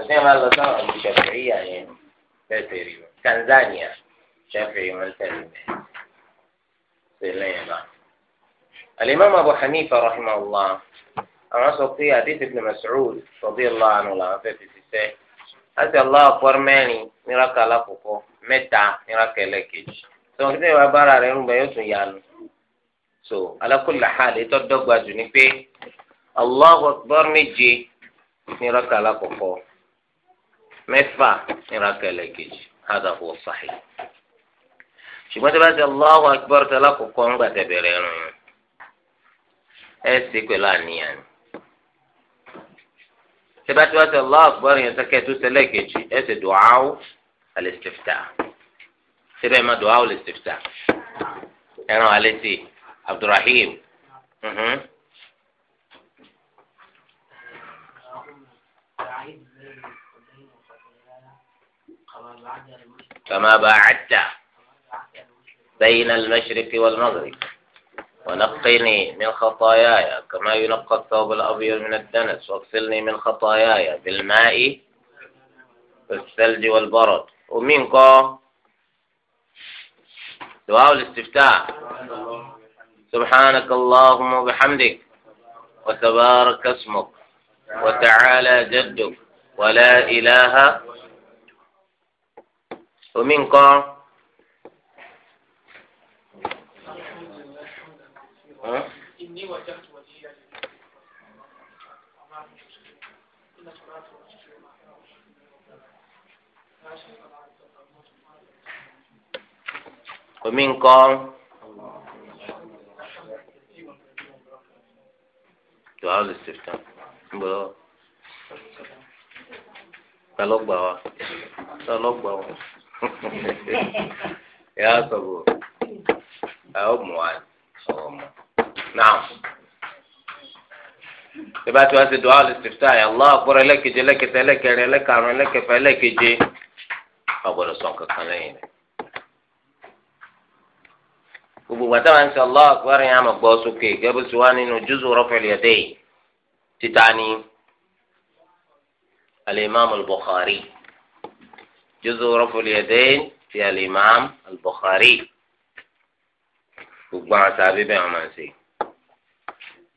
tòtí ẹ máa lọ sáwọn ọdún ṣẹfìríyà yẹn tẹsẹ̀ rí o Tanzania ṣẹfìrí wọn tẹ̀lé bẹ́ẹ̀ tẹ̀lé yẹn náà. alimami Abu Hanifa rahimahullah àwọn sọ pé hadith ibn Mas'ud radiyallahu anhu làwọn fẹ́ẹ́ fi ṣiṣẹ́ láti Allahu akbar mẹ́rin níraka alákòókò mẹ́ta níraka ẹlẹ́kejì tó ń tẹ́wọ́ abára rẹ̀ ń bẹ yóò tún yanu so ala kulli hal dọ́gba jù ni pé Allahu akbar méje níraka alákòókò. mẹ́fà níraka ẹlẹ́kejì hada huwa ṣùgbọ́n tí bá ti Allahu akbar tala kọ̀kọ́ ń gbà tẹ̀bẹ̀rẹ̀ rìn ẹ̀ sì pẹ̀lú àníyàn tí bá ti bá ti Allahu akbar yẹn sẹ́kẹ̀ tó tẹ̀lé kejì ẹ̀ ma du'aw al ẹ̀ràn alẹ́ mm كما باعدت بين المشرق والمغرب ونقني من خطاياي كما ينقى الثوب الأبيض من الدنس واغسلني من خطاياي بالماء والثلج والبرد ومنك دعاء الاستفتاح سبحانك اللهم وبحمدك وتبارك اسمك وتعالى جدك ولا إله omi nǹkan. omi nǹkan. dùwà lè ṣètò gbọ́dọ̀ pẹ̀lú gbà wá pẹ̀lú gbà wá ìyá sọ̀rọ̀ ẹ ó mú wa ọ̀rọ̀ mọ́ náà ìbá tí wọ́n ti dùn áwọn ìsìtìtà yà lọ́wọ́ àkúrẹ́ lẹ́kẹ̀jẹ lẹ́kẹ̀tẹ̀ lẹ́kẹ̀rẹ́ lẹ́kàrún lẹ́kẹ̀fẹ́ lẹ́kẹ̀jẹ ọ̀gbọ́dọ̀ sọ kankan lẹ́yìn rẹ̀. gbogbo ìgbà táwọn ń sọ lọ́wọ́ àkúrẹ́ yẹn àmọ̀ gbọ́ sókè gẹ́gẹ́ bí wọ́n nínú jùzù rọ́fẹ̀lì ẹ̀dẹ́ yìí títa ní al-Imam al جزء رفع اليدين في الإمام البخاري bukhari gbogbo àwọn sábẹ bẹ́ẹ̀ wọn máa ń ṣe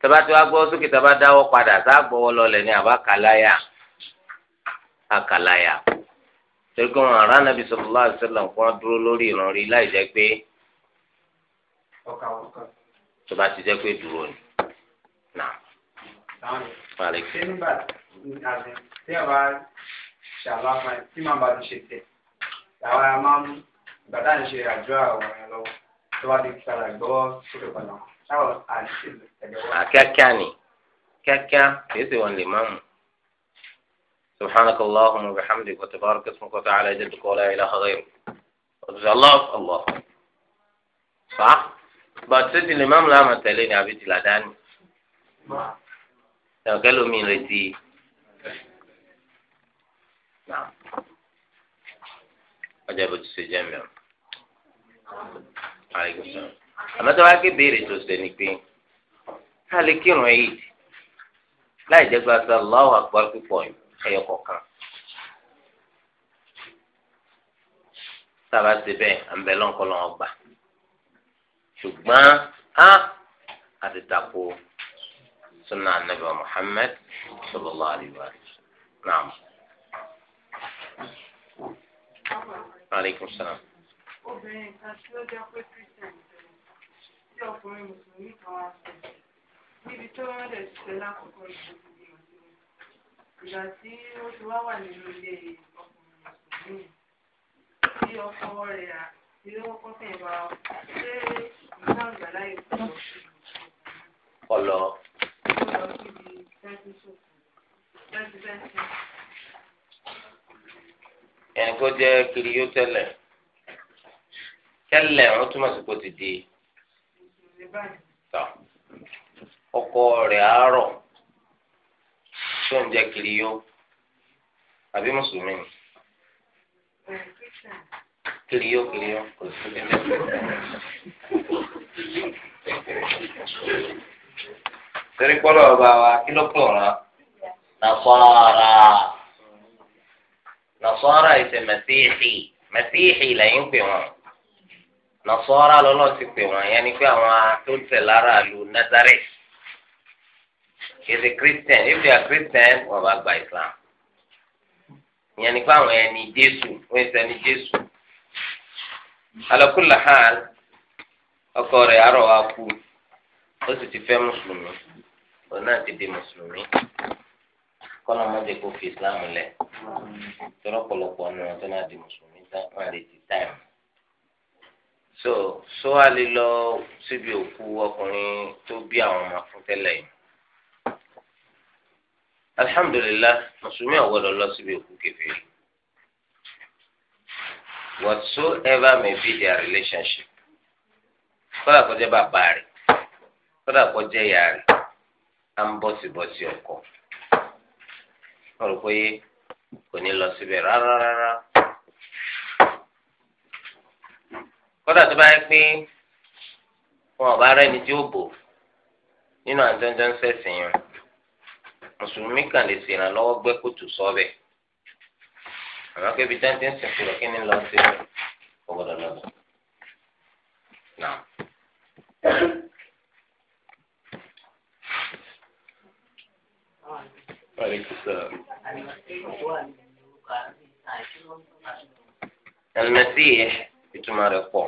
tabati wa gbọ́ sókè taba dáwọ́ padà tá a gbọ́wọ́ lọlẹ̀ ní àbá kàláyà àkàláyà torí pé wọn ará nàbì sallallahu alaihi wasallam kó wọn dúró lórí ìrànrí láì jẹ́ pé tọba ti jẹ́ pé dúró ni nà ṣàlàmà tí màá bá ti ṣe tẹ̀ làwọn ará máa ń ìgbà tá à ń ṣe àjọ àwọn ẹ̀ lọ́wọ́ tó bá ti padà gbọ́ sókè padà táwọn àṣìṣe ẹ̀dẹ̀ wọn. akíákíá ni kíákíá kìí ṣe wọn lè máa mú. سبحانك اللهم وبحمدك وتبارك اسمك وتعالى جدك ولا إله غيرك الله الله صح bàtí ti lè máàmù láàmà عبيد ni àbí ti làdá ni. Ìyàwó ọjà bó ti ṣe jẹ́ mi ọ́ àmọ́ tó wá ké béèrè tó ṣe ni pé ká lè kírun láì gba sọ sábà ọgbà àti tako muhammed aleykum salaam. obìnrin kan tí ó jẹ́ pé christian tí ọkùnrin mùsùlùmí kan wá sí níbi tó wọ́n dẹ̀ ṣiṣẹ́ lákòókò ìṣòro ìgbà tí ó ti wá wà nínú ilé ọkùnrin mùsùlùmí tí ọkọ rẹ̀ àti ọkọ fẹ̀yìn bá ṣe ìgbà ìgbàláyè fún ọ̀ṣun. ọlọ. ó lọ síbi tẹ́tí sókè tẹ́tí ẹni kó jẹ́ kiri yóò o tẹ́lẹ̀ wọ́n túmọ̀ sí kó ti di tọ́ ọkọ rẹ̀ àárọ̀ tó ń jẹ́ kiri yó àbí mùsùlùmí ni kiri yó kiri yó kò sí ní torí pọ́lọ́ ọba wa kí ló pọ̀ nasara ìṣe mẹsíìhì mẹsíìhì lẹ́yìn pè wọ́n nasara lọ́lọ́ ti pè wọ́n yẹn ni pé àwọn tó ń tẹ̀ lára lu nazareth kìsì christian if they are christian wọ́n bá gba islam ya ni pé àwọn ẹni jésù alakula ti kọ́nà má jẹ́ kó fi islam lẹ̀ tọ́lọ́ pọ̀lọpọ̀ nù tó má di mùsùlùmí wọn lè ti táìmù. so so a lè lọ síbi òkú ọkùnrin tó bí àwọn ọmọ fún tẹ́lẹ̀ yìí. alhamdulillah mùsùlùmí ò gbọ́dọ̀ lọ síbi òkú kèfèrí. whatsoever may be their relationship kọ́dà kọjá bàbá rẹ̀ kọ́dà kọjá ìyá rẹ̀ à ń bọ́sibọ́sí ọkọ wọn rò pé kò ní lọ síbẹ̀ rárá rárá. kódà tó bá yẹ pé wọn ò bá rẹ́ni tí ó bò nínú àjọjọ ń sẹ̀sìn yẹn mùsùlùmí kan lè ṣèrànlọ́wọ́ gbẹ́ kóòtù sọ́ọ̀bẹ̀ àmọ́ pé ibi jáde ń sìnkú lọ kí ni lọ sí ọgbọ́dọ̀ lọ́dọ̀ náà. Al-Masih um, ìtumọ̀ rẹ̀ pọ̀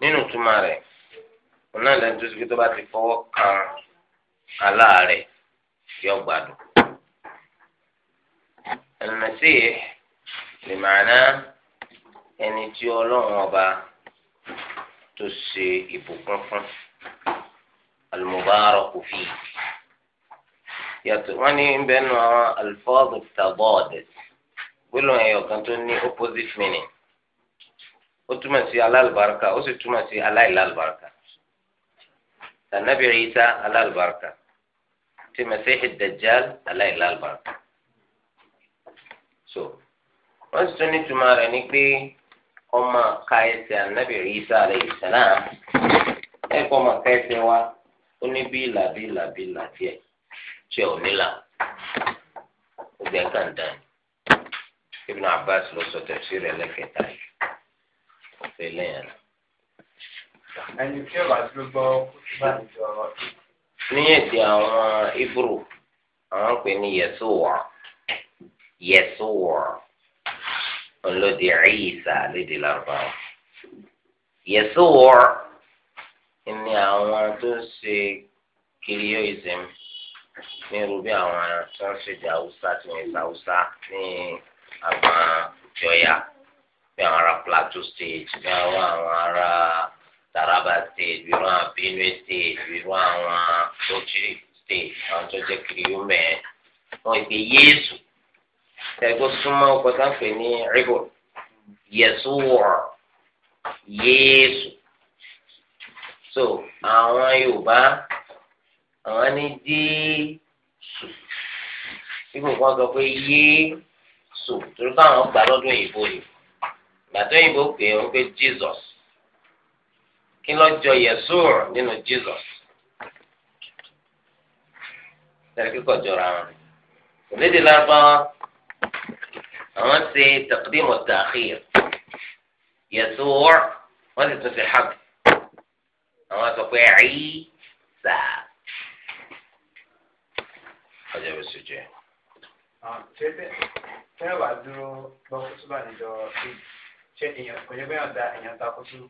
nínú ìtumọ̀ rẹ̀ wọn náà lẹ́nu tó ṣe tó bá ti fọwọ́ kan aláàárẹ̀ yọ gbádùn. Al-Masih lè màánà ẹni tí ọlọ́run ọba tó ṣe ìbùkún fún al-Mubarak fi yàtọ̀ wọ́n ní ń bẹ́ẹ̀ nù àwọn alifọ́ọ̀dù tàbọ́ọ̀dù gbólóhùn ẹ̀yọ̀ kan tó ní opposite meaning ó túmọ̀ sí alálùbáríkà ó sì túmọ̀ sí aláìlálùbáríkà tànàbí Ìsá alálùbáríkà tí Masihi Dajjal aláìlálùbáríkà so wọ́n sì tún ní túmọ̀ rẹ̀ ní pé ọmọ káyẹsẹ̀ ànábì Ìsá alayhi salam ẹ̀kọ́ ọmọ káyẹsẹ̀ wa ó ní bí làbí làbí làbí ẹ̀ tí ò nílà gbogbo ẹ̀ kàn dán Ibn Abbas ló sọ tẹ̀sí rẹ̀ lẹ́kẹ̀ẹ́ta yìí ọ̀fẹ́ lẹ́yìn náà. ẹni tí ọba tí ló gbọ́ bá ti sọ̀rọ̀. ní èdè àwọn ibùrù àwọn pè ní yẹsùwà yẹsùwà ọlọ́dẹ ẹ̀yìnsà lédè lárúbáwá yẹsùwà ni àwọn tó ń ṣe kiriyoism ní irú bí àwọn tí wọ́n ṣèdè haúsá tí wọ́n ṣe haúsá ní àwọn òkè ọ̀yà bí àwọn ará plateau state bí àwọn àwọn ará taraba state bí wọ́n benue state bí wọ́n àwọn bauchi state àwọn tó jẹ́ kiri wọ́n ìpè yéésù tẹ̀gbọ́ súnmọ́ ọkọ̀ ní ribo yẹ̀sù wọ̀ọ̀ yéésù so àwọn yorùbá àwọn ní dé ibò kan sọ pé yé so torí káwọn gbà lọ́dún òyìnbó ni gbàtọ́ òyìnbó pè wọ́n pé Jesus kí ló jọ yẹsùr nínú Jesus tẹ̀lé kíkọ̀ jọra wọn òlédè lárúbáwá àwọn ṣe taqdimu ta'khir yẹsùr wọ́n ti tún ṣe hàb àwọn sọ pé ẹ̀yí ọjọ́ bó ṣe jẹ́. tẹ́lẹ̀ wàá dúró gbọ́ kútúbà níjọ ṣé èèyàn kò yẹ bẹ́ẹ̀ da èèyàn takò sún.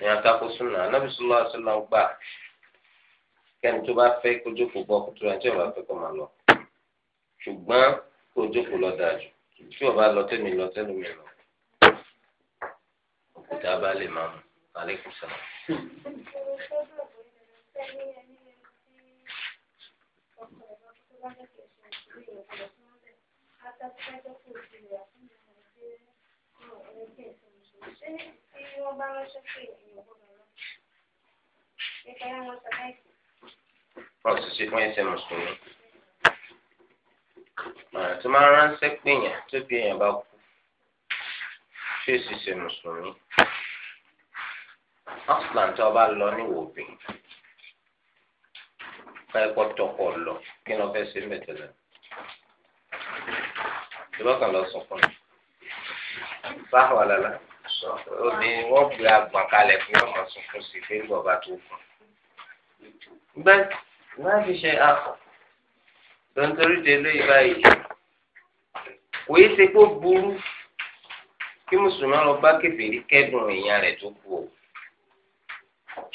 èèyàn takò sún náà anábì sọlá sọlá ń gbà kẹ́ni tó bá fẹ́ kó jókòó gbọ́ kútúbà tí wọ́n bá fẹ́ kó máa lọ ṣùgbọ́n kó jókòó lọ dájú tí wọ́n bá lọ tẹ́mi lọ tẹ́lómi lọ òkúta bá lè máa mú alẹ́ kùsà. Thank wọ́n ti ṣe fún ẹsẹ̀ mùsùlùmí. màá tó máa ránṣẹ́ péyàn tó bí èèyàn bá kú ṣé èsì ṣe mùsùlùmí. ọ̀sán tó bá lọ níwò obìnrin káyọ̀ pọ̀ tọkọ̀ lọ kí ni wọ́n fẹ́ ṣe mẹ́tẹ̀lẹ̀ ìbákan lọ sọ fún mi báwa lala omi wọ́n gbé agbọ̀n kalẹ̀ fún ọmọ sunkún sí fún bàbá tó fún bẹ́ẹ̀ wọ́n fi ṣe akọ lọ́ntorí de lóyè báyìí kò yẹ ṣe kó burú kí mùsùlùmí lọ bá kébèrè kẹ́dùn èèyàn rẹ̀ tó kú o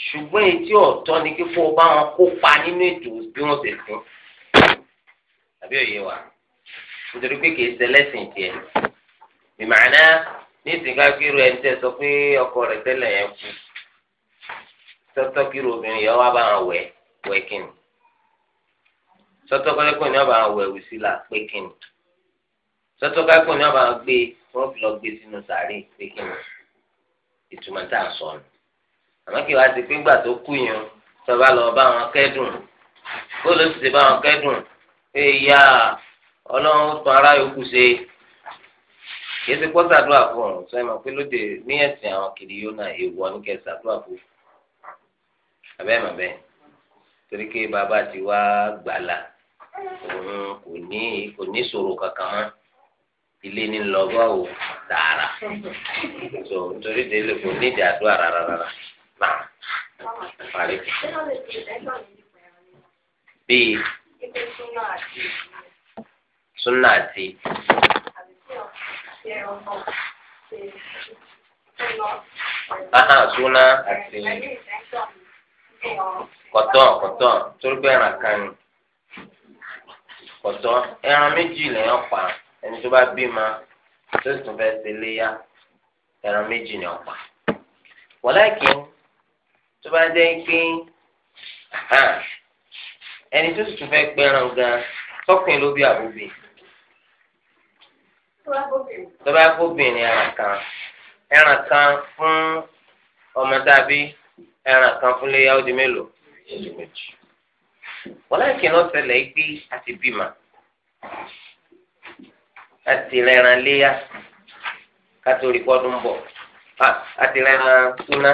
ṣùgbọ́n etí ọ̀tọ̀ ni kí fún ọ bá wọn kópa nínú ètò bí wọ́n ṣe fún àbí òye wa nítorí pé kìí ṣe lẹ́sìn tiẹ̀ ìmọ̀ọ́nà ní ìsìnká kírú ẹni tẹ́ sọ pé ọkọ rẹ̀ tẹ́lẹ̀ yẹn kú sọ́tọ́ kírú obìnrin yẹn wá bá wọn wẹ̀ wẹ̀ kíni sọ́tọ́ kọ́lẹ́kùn ni wọ́n bá wọn wẹ̀ wù sí là pé kíni sọ́tọ́ kọ́lẹ́kùn ni wọ́n bá wọn gbé wọ́n fi lọ gbé sínú sàárè pé kíni ìtumọ̀ tá a sọ nù àmọ́ kí wàá ti pé ńgbà tó kú yẹn sọba lọ bá wọn kẹ́dùn kó ló sì ti bá wọn kẹ́dùn pé ya ọlọ́run tún ara yòókù ṣe kìí ṣe kó ṣàdúrà fún ọ̀run sọ ma pé lóde ní ẹ̀sìn àwọn kiri yóò náà èèwọ̀ ní kẹ́ ṣàdúrà fún abẹ́ mọ̀ bẹ́ẹ̀ torí pé bàbá ti wá gbàlà òun kò ní kò ní ṣòro kankan mọ́ ilé ní lọ́gọ́ ò tààrà tó nítorí délé kò ní ìdí àdúrà rárá rárá náà parí. bíi súnà àti. aha súnà àti kọ̀tọ̀ kọ̀tọ̀ torí pé ẹran kan ni ẹran méjì lèèyàn pa ẹni tó bá bímọ tó sì tún fẹ́ ṣe léyà ẹran méjì ni ọ̀pá. wọ́n kí tó bá jẹ́ pé ẹni tó sì tún fẹ́ pẹran gan sọ́kùnrin ló bí àbúbí tó bá kóbìnrin ẹran kan ẹran kan fún ọmọ dàbí ẹran kan fún léyà ó di mélòó méjì wọ́n láì kí náà ṣẹlẹ̀ gbé àti bímọ àti rẹran léyà kátó rí pọ́dún bọ̀ àti rẹran súná.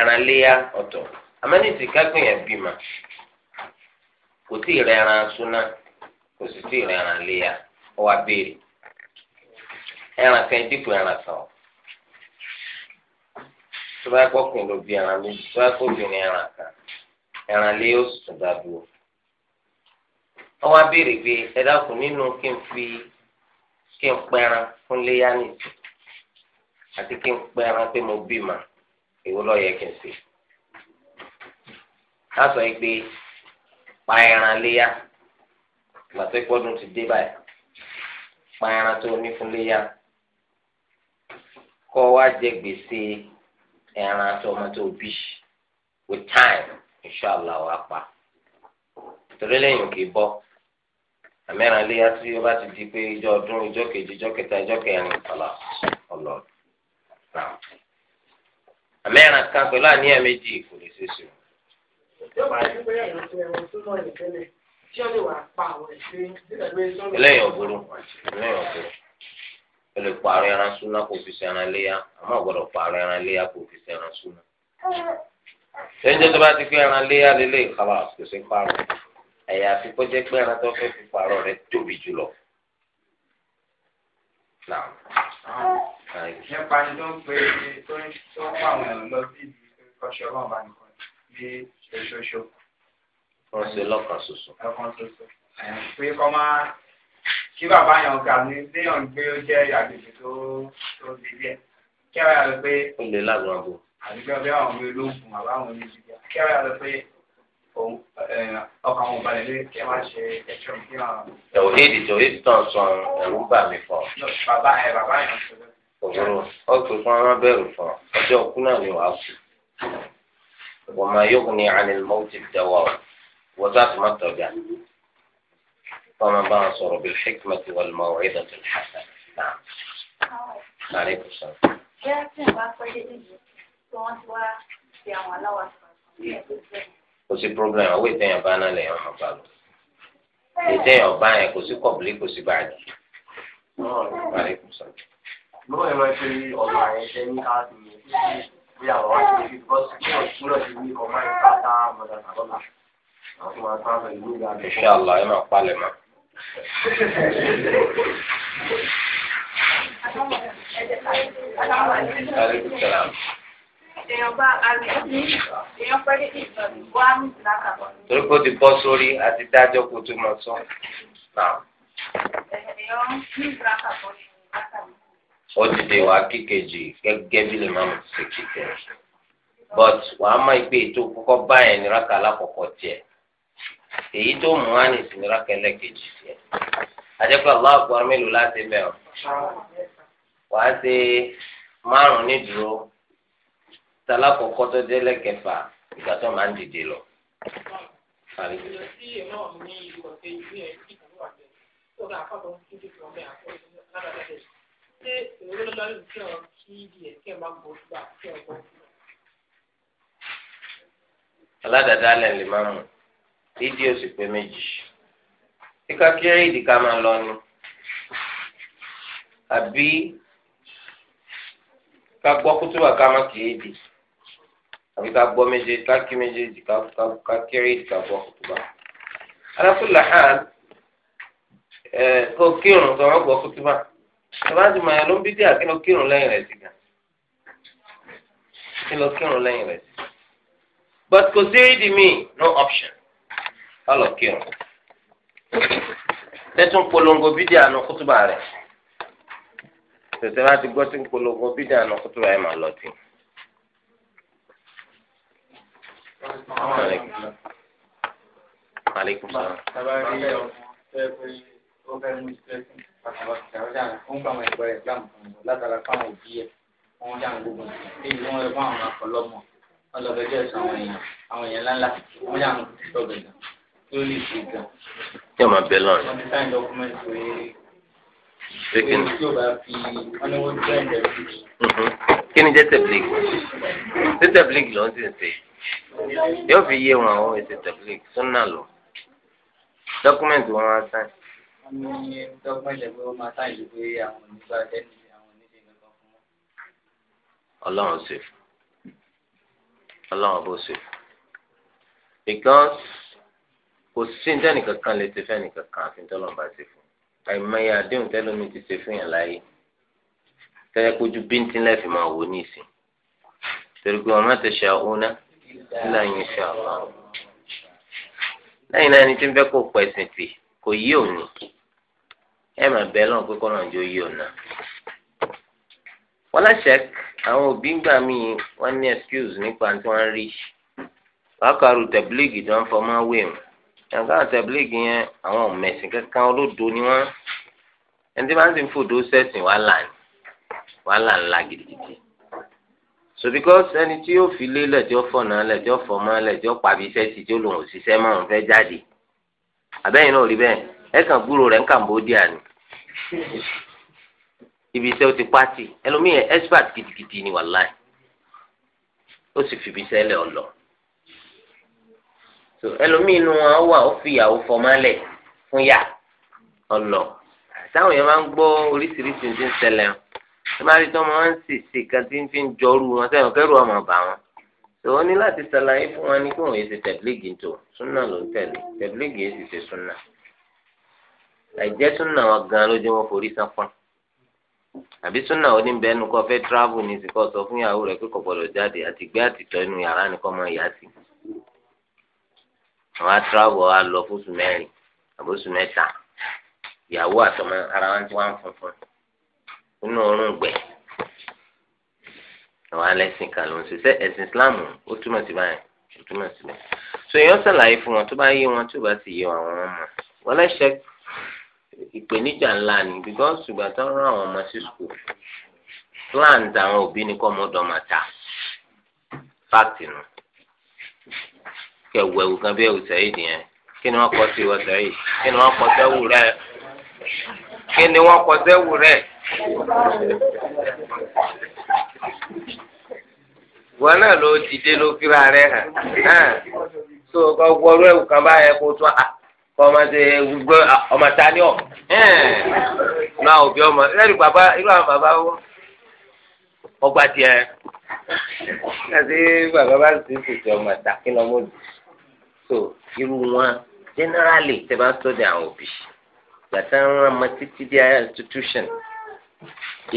ẹran léyà ọ̀tọ̀ amẹ́nìtì kápẹ́yàn bímọ kò tí ì ẹran súná kò sì tí ì ẹran léyà ó wá béèrè ẹran kan dípò ẹran kan tó bá kọ́ ló bí ẹran méjì tó bá kó bìnrin ẹran kan ẹran ó iwu lọ yẹ kí n ṣe lásọ yìí pé léyà ti dé báyìí pa tó ní fún léyà kọ wá jẹ gbèsè ẹran tó ọmọ tó bí with time inshallah wàá pa torí lẹ́yìn kì í bọ, léyà tí ó bá ti di pé ìjọ ọdún ìjọ kejì ìjọ kẹta ìjọ àmẹ́ràn kan pẹ̀lú àníyàn méjì kò lè ṣe sùn. ẹlẹ́yìn ọ̀gbọ́rọ̀ ẹlẹ́yìn ọ̀gbọ́rọ̀ o lè pààrọ̀ ẹran súná kó fi ṣẹran léyà àmọ́ ọ̀gbọ́dọ̀ pààrọ̀ ẹran léyà kó fi ṣẹran súná. ṣéńjẹ́ tó bá ti pé ẹran léyà lélẹ̀ ìkàwà kò sí pààrọ̀ ẹ̀yà àfikún jẹ́ pé ẹran tó fẹ́ fi pààrọ̀ rẹ̀ tóbi jùlọ náà. nípa ni tó ń pè é tó ń pa àwọn èèyàn lọ sí ìlú ìkọ́ṣẹ́ ọlọ́run bá nìkan ní ṣoṣoṣo. wọ́n ṣe lọ́kàn ṣoṣo. lọ́kàn ṣoṣo. pé kọ́ máa kí bàbá yẹn ga ní léèyàn gbé ó jẹ́ àgbègbè tó tó di díẹ̀. kí ara rẹ̀ pé. ó lè lágbàgbọ́. àdúgbò bí àwọn ọmọ ológun àbáwọn oníṣègùn kí ara rẹ̀ pé. Eh, ọkàn wọn balẹ̀ lé kí ẹ má ṣe ẹ̀ṣọ́ kí wọn. ẹ̀wọ̀n èdè tó èdè tán sàn ẹ̀rú bà mí fọ. bàbá ẹ bàbá yẹn sọ bẹ́ẹ̀. òwúrọ̀ ọ̀gbìn fún ọmọ bẹ̀rù fọ ọjọ́ òkú náà ni wàá kú. wọ́n máa yóò ní ànilmọ́ ti dẹ̀wọ̀ wọ́n sá ti má tọ́jà. wọ́n máa bá wọn sọ̀rọ̀ bí hikmati wal maw'izati al-hasana náà. sáré kò sọ. bí kò sí problem àwọn ìtẹ̀yàn bá náà lẹ́yìn ọmọ bá lọ ìtẹ̀yàn bá yẹn kò sí kọ̀bùlì kò sí báàgì. lọ́wọ́ ẹ̀ máa ṣe ọ̀la ẹ̀ ṣe ní káàdì yẹn bí àwọn wá sí ibi bọ́sì kí wọ́n kúrò sí ní ọmọ ìta tá a mọ̀ dàgbà lọ́la àwọn tó máa sábà ìlú ìlú àgbẹ̀. inṣàlá ẹ máa palẹ̀ mọ́. Aleykum salaam. torí kó ti bọ́ sórí àti dájọ́ kó tó máa sọ. ó ti dè wá kíkejì gẹ́gẹ́ bí lè máa mú sí kíkẹ́ but wàá má gbé ètò kọ́kọ́ báyẹn ní rákà alákọ̀ọ́kọ́ tiẹ̀ èyí tó mú wá ní ìsinmi rákà ẹlẹ́kejì tiẹ̀ àjẹpẹ́ Allahu mélòó láti ṣe márùn-ún tala kọ̀kọ́ tó dé lẹ́kẹ̀fà ìgbà tó máa ń dìde lọ. aládàáda alẹ́ lè máa mú ìdí oṣù pé méjì kíkà kí ìdí ká máa lọ ni àbí ká gbọ́ kútùbà ká má kì í dì àbí ká gbọ́ méjèèjì ká kí méjèèjì ká kéré ká gbọ́ kútúbà. alákùlà hàn ẹ kó kírun tó wọ́n gbọ́ kútúbà ìbá ti màyà ló ń bí díà kí ló kírun lẹ́yìn rẹ̀ sí gan kí ló kírun lẹ́yìn rẹ̀ sí. but kò sí ìdí mi no option ká lọ kírun tẹ́tún polongo bídíà nu kútúbà rẹ̀ tẹ̀sẹ̀ bá ti gbọ́ sí polongo bídíà nu kútúbà ẹ̀ máa lọ sí i. Maaleykum salaam. Wọ́n dá gbogbo èyí wọ́n rẹ̀ fún àwọn akọlọ́mọ ọlọ́bẹ̀jọ́ ẹ̀sán àwọn èèyàn àwọn èèyàn ńláńlá wọ́n dá àwọn ìṣọ̀bẹ̀ gan tó lè ṣe gan. Tí o máa bẹ lọ́rùn. Wọ́n ti sáyìn dọ́kúmẹ́ntì pé Sekin. Kí ni jẹ́ tẹ̀blík? Ṣé tẹ̀blík ló ń sìn sí? yóò fi yé wọn àwọn ètò tẹ̀lé súnà lọ dọ́kúmẹ̀ntì wọn máa sáyìn. wọ́n ní ọlọ́run ṣe ọlọ́run bó ṣe because kò sí nítorí kankan lè ṣe fẹ́ nìkankan àfi nítorí ọlọ́run bá ṣe fún un àìmọye àdéhùn tẹ́lómi ti ṣe fún yàn láàyè tẹ́lẹ̀ kójú bíntín lẹ́fì máa wò ní ìsìn torí pé wọn máa tẹ̀sẹ̀ ọ̀hún náà nílà yín ṣe àwọn lẹ́yìn náà ẹni tí ń fẹ́ kó pẹ̀sìn tì kò yí òní ẹ mà bẹ́ẹ̀ lọ́n pé kọ́nà jó yí òná. wọ́n láṣẹ àwọn òbí ń gbà mí wọ́n ní excuse nípa tí wọ́n rí wákàrú tẹ̀blígì tí wọ́n fọmọ́ wé wọn yàtọ̀ àwọn tẹ̀blígì yẹn àwọn mẹ̀sìn kankan olódo ni wọ́n ẹni tí wọ́n ti ń fòdó sẹ́sìn wàhálà ni wàhálà ńlá gidigidi so because ẹni tí yóò fi lé lẹ́jọ́ fọ̀nà lẹ́jọ́ fọ̀mọ́ lẹ́jọ́ pàbí iṣẹ́ ti tó lòun òṣìṣẹ́ máa ń fẹ́ jáde àbẹ́yìn náà rí bẹ́ẹ̀ ẹ kàn gbúrò rẹ̀ ń Cambodia ni ibi iṣẹ́ ó ti pàtì ẹlòmíì expert gidigidi ni wàláì ó sì fi ibi iṣẹ́ lẹ̀ ọ lọ so ẹlòmíì inú wọn wà ó fi ìyàwó fọmọ́lẹ̀ fún yà ọ lọ táwọn yẹn máa ń gbọ́ oríṣiríṣi ní ti ń ṣẹlẹ̀ o ìbáraẹni tó máa ń ṣèṣe kan tí ń fi ń jọrú wọn sẹ́yìn kẹ́rù ọmọ bá wọn tòun ní láti ṣàlàyé fún wọn ní kí wọn yéé ṣe tẹ̀blígì tó súnà ló ń tẹ̀lé tẹ̀blígì yéé sì ṣe súnà àìjẹ́ súnà wọn gan ló dé wọn forí sápọn àbí súnà ó ní bẹ́ẹ̀ nu kọ́ fẹ́ tíráàbù ní ìsìnkọ́ sọ fún ìyàwó rẹ̀ pé kò gbọdọ̀ jáde àti gbé àtìtọ́ inú yàrá nìkan mọ́ ìyá sí àwọn atíráàbù wa lọ fóṣù mẹ́rin àbóṣù mẹ́ta ìyàwó àtọmọ ara wọn ti nínú ọrùn gbẹ àwọn alẹ́sìn kan ló ń ṣiṣẹ́ ẹ̀sìn islam ó túmọ̀ sí báyìí ó túmọ̀ sí báyìí so èèyàn ṣàlàyé fún wọn tó bá yé wọn tó bá sì yé àwọn ọmọ wọn lẹ́sẹ̀ ìpèníjà ńlá ni because ìgbà tó ń rán àwọn ọmọ sí school plan àwọn òbí ni kọ́ ọmọdé ọmọ ta nù ẹwù kan bí ẹwù sẹ́yìn nìyẹn kí ni wọ́n kọ́ sí wọ́n kọ́ sẹ́wù rẹ̀ ni wọ́n kọ́ sẹ́wù rẹ̀. wọn náà ló dìde ló fira rẹ hàn náà tó kọ gbọrọ ẹwù kan báyẹn kó tún à kọ ọmọ ṣe gbọ ọmọ ta ni ọ náà òbí ọmọ lẹ́nu bàbá irú àwọn bàbá wọn ọgbà tiẹ̀ àti bàbá bá ti tètè ọmọ ta kí ni ọmọ jù so irú wọn generally tẹ bá sọ de àwọn òbí gbàtà ń rán ọmọ títí dé institution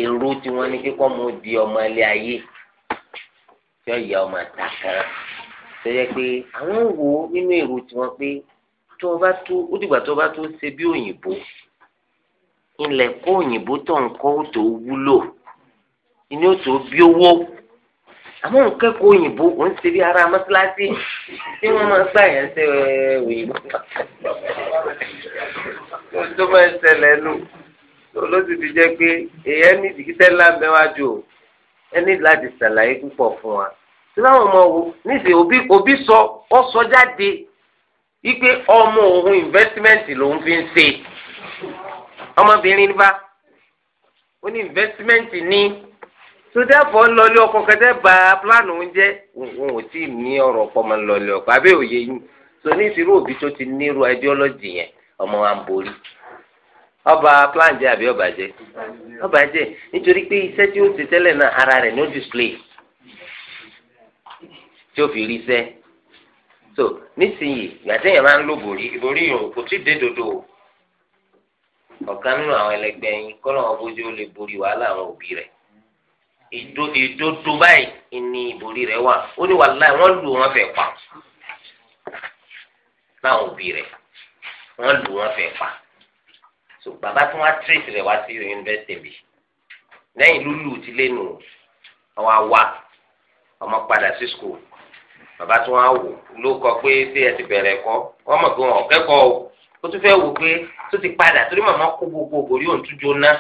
èrò tí wọ́n ní kíkọ́ mo di ọmọ ilé ayé tí wọ́n yà ọmọ àtàkàrà tó yẹ pé àwọn wo nínú èrò tí wọ́n pé tó o bá tó ó dìgbà tó o bá tó ṣe bí òyìnbó ilẹ̀ kó òyìnbó tó nǹkan ó tó wúlò ìní ó tó bí owó àmọ́ nǹkan kó òyìnbó ó ń ṣe bí ara mọ́sálásí tí wọ́n máa gbà yẹn ṣe òyìnbó tó máa ń ṣẹlẹ̀ nù ló sì fi jẹ́ pé èèyàn ní ìdíkítẹ́ ńlá ń bẹ wájú o ẹ ní láti ṣàlàyé púpọ̀ fún wa tí láwọn ọmọ wo níṣẹ́ òbí sọ ọ sọ jáde wípé ọmọ òun investment lòun fi ń ṣe ọmọbìnrin bá ó ní investment ní sódàfọ̀ ń lọlé ọkọ̀ kẹtẹ́ bá plan oúnjẹ òun ò tí ì ní ọ̀rọ̀ ọ̀pọ̀ máa ń lọlé ọkọ̀ àbẹ́ òye yìí so ní ìṣirò òbí tó ti nírú ideology yẹn ọmọ wa ń borí ọba plan jẹ àbí ọba jẹ ọba jẹ nítorí pé iṣẹ́ tí ó ti tẹ́lẹ̀ náà ara rẹ̀ ní ó display tí ó fi rí iṣẹ́ so nísìnyí gbàtẹ́ yẹn máa ń lo borí borí yòó kò tí ì dé dodo ọ̀kan nínú àwọn ẹlẹgbẹ́ yín kọ́nà ọ̀bójú ó lè borí wàhálà àwọn òbí rẹ̀ ìdodo báyìí ni ìborí rẹ̀ wà ó ní wàhálà wọ́n lù wọ́n fẹ́ pa láwọn òbí rẹ̀ wọ́n lù wọ́n fẹ́ pa so bàbá tí wọ́n á tírèsì rẹ̀ wá sí yunifásitì bi lẹ́yìn lúlù ti lẹ́nu àwọn awa ọmọ padà sí skul bàbá tí wọ́n á wò ló kọ pé bí ẹ ti bẹ̀rẹ̀ kọ́ wọ́n mọ̀ pé wọn ò o ó tún fẹ́ wò pé tó ti padà torí màmá kó gbogbo ògòrí òun tún jóná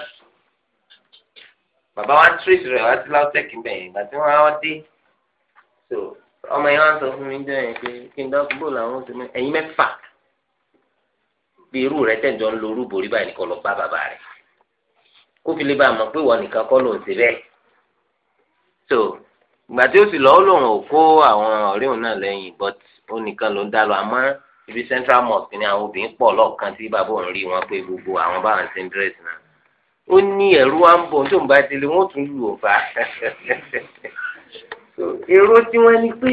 bàbá wa tírèsì rẹ̀ wá sí LAUTECH bẹ̀yìn ìgbà tí wọ́n á dé so ọmọ yẹn wá sọ fún mi jẹ́ ẹ̀yìn pé kí n dá bò làwọn ó ti mẹ́ ẹ̀yìn bí irú rẹ tẹ̀jọ́ ń lo orúbọ orí báyìí kọ́ lọ bá bàbá rẹ̀ kó fi lè bá a mọ̀ pé wọ́n nìkan kọ́ ló ń ṣe bẹ́ẹ̀ so ìgbà tí ó sì lọ́ọ́ lòun ò kó àwọn ọ̀rẹ́ òun náà lẹ́yìn but ó nìkan ló ń dá lọ àmọ́ ibi central mosque ni àwọn obìnrin pọ̀ lọ́ọ̀kan tí bàbá òun rí wọn pé gbogbo àwọn báwọn ṣe ń dírẹ́sì náà ó ní ẹ̀rú wa ń bọ̀ tó ń bá délé wọ́n tún lù ọ́ fa èrò tí wọ́n ní pé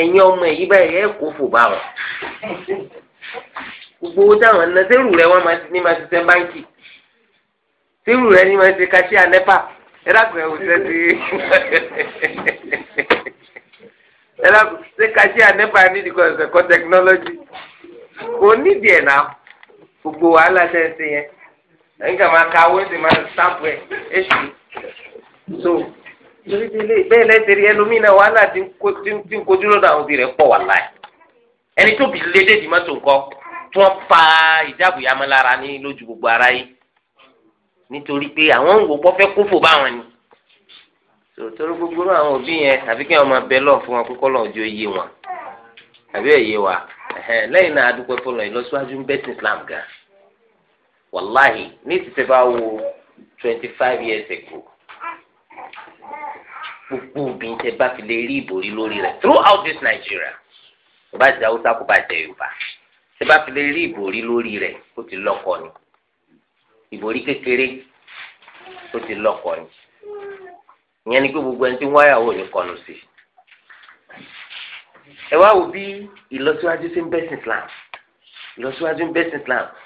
ẹ̀yin ọmọ yìí báyìí ẹ̀ kó fò bá gbogbo owó táwọn ná sẹ́rù rẹ̀ wọ́n ní máa ṣiṣẹ́ báńkì sẹ́rù rẹ̀ ní máa ṣe káṣíà nẹ́pà ẹ dákun ẹ̀ wò ṣe ti ẹ dákun ṣe káṣíà nẹ́pà nídìí kan ṣe kọ́ tẹkinọ́lọ́jì kò nídìí ẹ̀ náà gbogbo wàhálà ṣe ń ṣe yẹn ẹ̀yin kà máa ka owó ṣe máa sáàpù ẹ̀ èṣù so torí ti ilé bẹ́ẹ̀ lẹ́sẹ̀ rí ẹlòmínà wàhálà ti ń kojú lọ́dọ̀ àwọn òbí rẹ̀ pọ̀ wà láì ẹni tóbi lédè dì má tó nǹkan tí wọ́n pa ìjáàbù yamalára ní lójú gbogbo ara yìí nítorí pé àwọn ń wò pọ́fẹ́ kófò báwọn ni tòótọ́ gbogbo àwọn òbí yẹn àfi kí wọ́n máa bẹ lọ́ọ̀ fún wọn kókó lọ́ọ̀ jó yé wọn àbí ẹ̀yẹ wa lẹ́yìn náà adúpẹ́ fọlọ́ ìlọsíwájú ń bẹ́sìn Islam gan wàláhì ní ti tẹ́ wo twenty five years ago gbogbo obìnrin tẹ́ bá fi lè rí ìbòrí lórí rẹ̀ throughout this Nigeria kò bá jẹ́ haúsá kò bá jẹ́ yorùbá ṣé bá fi lè rí ìbòrí lórí rẹ̀ ó ti lọ́kọ ni ìbòrí kékeré ó ti lọ́kọ ni ìyẹn ni pé gbogbo ẹni tí wáyàwó ní kọnu sí ẹ wá wo bí ìlọsíwájú sí ń bẹ sí Islam ìlọsíwájú ń bẹ sí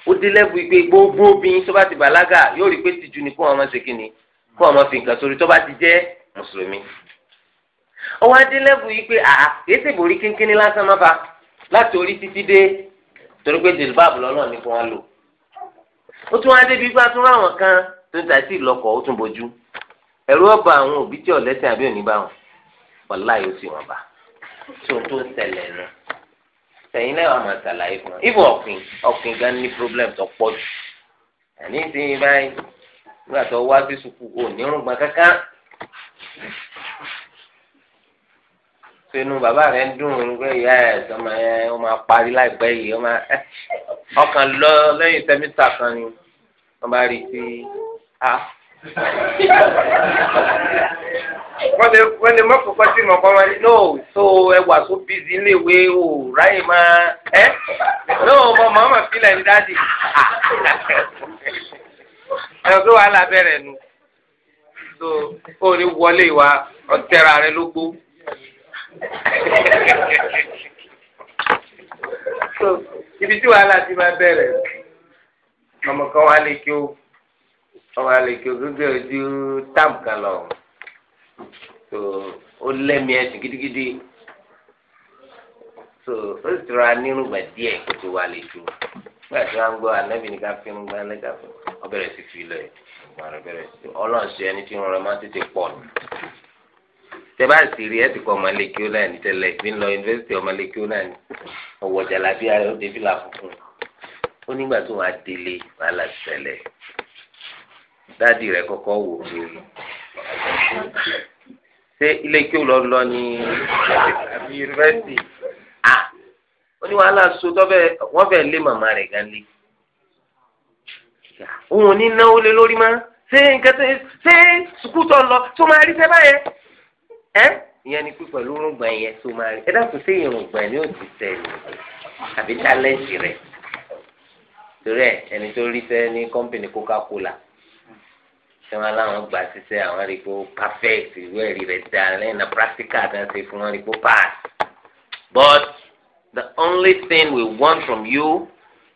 ó dé lẹ́bù pé gbogbo obìnrin tó bá ti bàlágà yóò rí pé tìjú ni kó wọn máa ṣe kí ni kó wọn máa fi nǹkan sórí tó bá ti jẹ́ mùsùlùmí ọwọ́ adé lẹ́bù yìí pé àá èsì ìbòrí kínkínní lásán má ba láti títí dé torí pé jìlbáàbù lọ́nà ní kí wọ́n lò ó tún wá débi gbá tún ráwọn kan tó ń ta sí ìlọkọ̀ ó tún bojú ẹ̀rú ọba àwọn òbí tí ọ̀lẹ́sìn àbí òní bá wọn wàlá yóò sì wọn bá tó tó ń ṣẹlẹ̀ nù sẹ́yìn náà wàá máa ṣàlàyé fún wọn ibò ọ̀pìn ọ̀pìn gan ní problem tó pọ̀ jù àní ti báyìí nígbà tó wá sí sùkúù ò ní rúgbọn kankan sínú bàbá rẹ̀ ń dùn ún pé ìyá ẹ̀ sọmọ ẹ̀ ó máa parí láìpẹ́ yìí ó máa ọkàn lọ lẹ́yìn sẹ́mítà kan ni wọ́n bá rí i sí a. wọ́n lè mọ́kò kọ́ sí mọ̀kọ́ wọn no so ẹ wà so busy léwe o ráyè máa ẹ́ no mo màmá filẹ̀ ní dáàdì ẹ̀rọ pé wàhálà bẹ̀rẹ̀ nu so ó ní wọlé wa ọ̀tẹ̀ra rẹ ló so ibi tí wàhálà ti máa bẹ̀rẹ̀ ọmọ kan wà lè kí o ọmọ àlè kí o gbẹgbẹ ojú tam kan lọ so ó lẹ́mi ẹ̀sìn gidigidi so ó sì tura nírúgbà díẹ̀ kó tó wà lè tó nígbà tí wọ́n gbọ́ anábì ní ká fínú gbá lẹ́ka fún ọ bẹ̀rẹ̀ sí fi lẹ̀ ọ̀rọ̀ bẹ̀rẹ̀ sí ọlọ́ọ̀ṣẹ́ ẹni tí wọ́n rẹ̀ máa tètè pọ̀ nù tẹ́bá sì rí ẹ̀sìn kọ́ ọmọlẹ́kí ó náà ní tẹ́lẹ̀ ìpín lọ yunifásitì ọmọlẹ́kí ó náà ní ọ̀wọ̀ jàlábí ayọ̀ débi là fúnfún ó nígbà tó wọn á délé wàhálà ṣẹlẹ̀ dáàdi rẹ̀ kọ́kọ́ wò ó ṣé ilé kí ó lọ lọ ní àbí yunifásitì à ó ní wàhálà so tọ́fẹ́ wọ́n fẹ́ lé màmá rẹ̀ gan lé òun ò ní náwó lé lórí mọ́ ṣé nǹkan ṣe ṣé sùkúù ẹ ìyẹn ni pé pẹ̀lú irùngbọ̀n yẹn tó máa rí ẹ dákun sí irùngbọ̀n ni ó ti sẹ́yìn àbí tálẹ́ǹtì rẹ̀ torí ẹ ẹni tó rí sẹ́ ní kọ́mpìnì Coca-Cola ṣé wọn láwọn gbà síṣẹ́ àwọn rí pé perfect ìwé ẹ̀rí rẹ̀ dá lẹ́yìn náà practical náà ṣe fún wọn rí pé pass but the only thing we want from you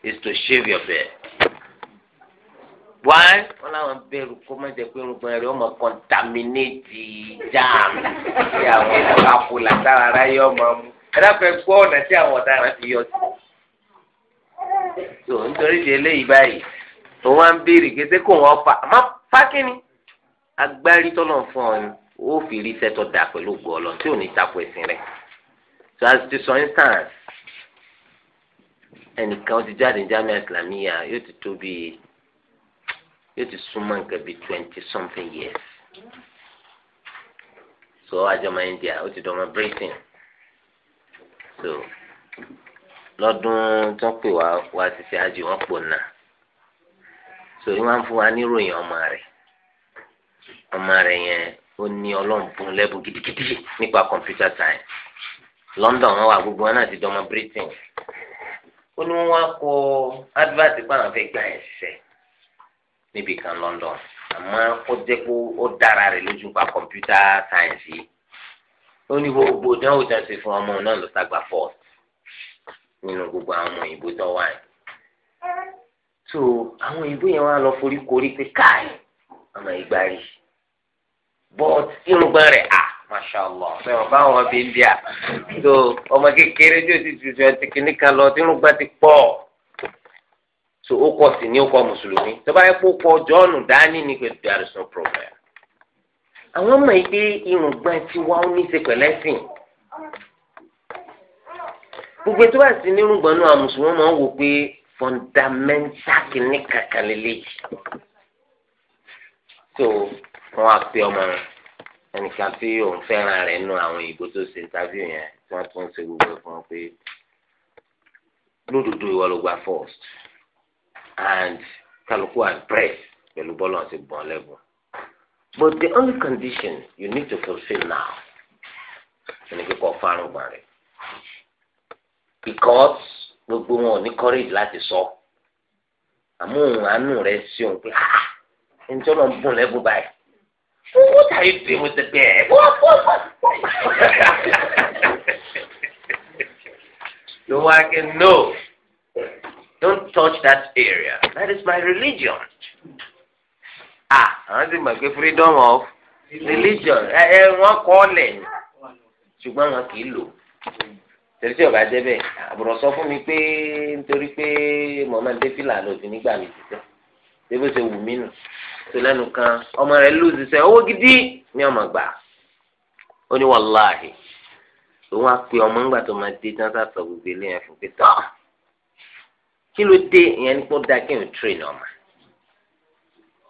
is to shave your beard wáyé wọn làwọn bẹ̀rù kó má jẹ pé irùngbọ̀n rẹ ọmọ kọńtàmínéètì jáàmù tí àwọn àpò làtàrà aráyé ọmọ mu ẹdáfẹ gbọ́ ọ̀nà tí àwọn ọ̀daràn ti yọ sí. tó nítorí ti eléyìí báyìí òun á ń béèrè kété kó wọn fà má fà kíni agbárí tọ́lọ̀ fún ọ ni ó fi rí sẹ́tọ̀ dà pẹ̀lú ògbó ọlọ́run tí ò ní takò ẹ̀sìn rẹ̀ so as to some instance ẹnìkan ti jáde ní jamiu islamiyah yóò ti tó bíi yóò ti súnmọ́ nǹkan bíi twenty something years so àjọmọ India ó ti dọmọ Britain so lọ́dún tó ń pè wá wá ṣiṣẹ́ àjò wọn pò nà so wọn fún wa níròyìn ọmọ rẹ̀ ọmọ rẹ̀ yẹn ó ní ọlọ́run fún lẹ́bùn gidigidi nípa computer science London wọn wà gbogbo wọn náà ti dọmọ Britain ó ní wọn wá kọ advert báwọn fẹ́ gbà ẹ̀ ṣiṣẹ́ níbi kan London àmọ́ ó jẹ́ pé ó dára rẹ̀ lójú pa kọ̀mpútà sáyẹ̀nsì ó ní gbogbo ìdánwò tí wọ́n ṣe fún ọmọ náà ló sàgbà fọ́ọ̀t nínú gbogbo àwọn ọmọ òyìnbó tó wà yìí so àwọn òyìnbó yẹn wá lọ forí korí pé káì ọmọ ìgbà rí but irúgbọ́n rẹ̀ à ah, mashallah fẹ́ràn báwọn ọbẹ̀ ń bíà so ọmọ kékeré tí o ti ti sọ ti kìnnìkan lọ tí irúgbọ́n ti pọ̀ so ó kọ sí ní ó kọ mùsùlùmí tó bá yẹ kó kọ jọ́ọ̀nù dání ní pé there is no problem. àwọn ọmọ yìí pé irùngbọ̀n ti wá ó ní í ṣe pẹ̀lẹ́ sìn. gbogbo tó bá sì ní irùngbọ̀n náà mùsùlùmí máa ń wò pé fọndamẹ́ntà kìíní kankan lélẹ́yìí. so wọn á pe ọmọ rẹ ẹnìkan tí òun fẹ́ràn rẹ̀ nù àwọn ìbò tó ṣe interview yẹn tí wọ́n tún ṣe gbogbo fún ọ and kálukú are impressed pẹ̀lú bọ́ọ̀lù àti bọ́ọ̀lù ẹ̀bùn. but the only condition you need to fulfil now ẹni kíkọ́ fárúgba rẹ̀ because gbogbo wọn ò ní courage láti sọ àmọ́ òun àánú rẹ̀ sí òun pé ah ẹni tí wọ́n bùn lẹ́bùn báyìí what are you doing with the bear what what what. you wan get know. Don't touch that area. That is my religion. Ah, i ti mọ̀ freedom of religion ẹ ẹ wọ́n kọ́ lẹ̀ ṣùgbọ́n wọn kì í lò. Tẹ̀lé tí ọba àbùrọ̀ sọ fún mi pé nítorí pé Mohammed Dẹ́fìlà ló fi nígbà mi títẹ̀. Ṣé ṣe wù mí nù? Ṣé lẹ́nu kan ọmọ rẹ̀ lù sí sẹ́, owó gidi ni ọmọ gbà. Ó ní wàláhì. Òun á pe ọmọ ńgbà tó máa dé tí wọ́n sá sọ gbogbo ilé yẹn fún pé tán. kí ló dé ìyẹn ní kó dáa kí n train ọmọ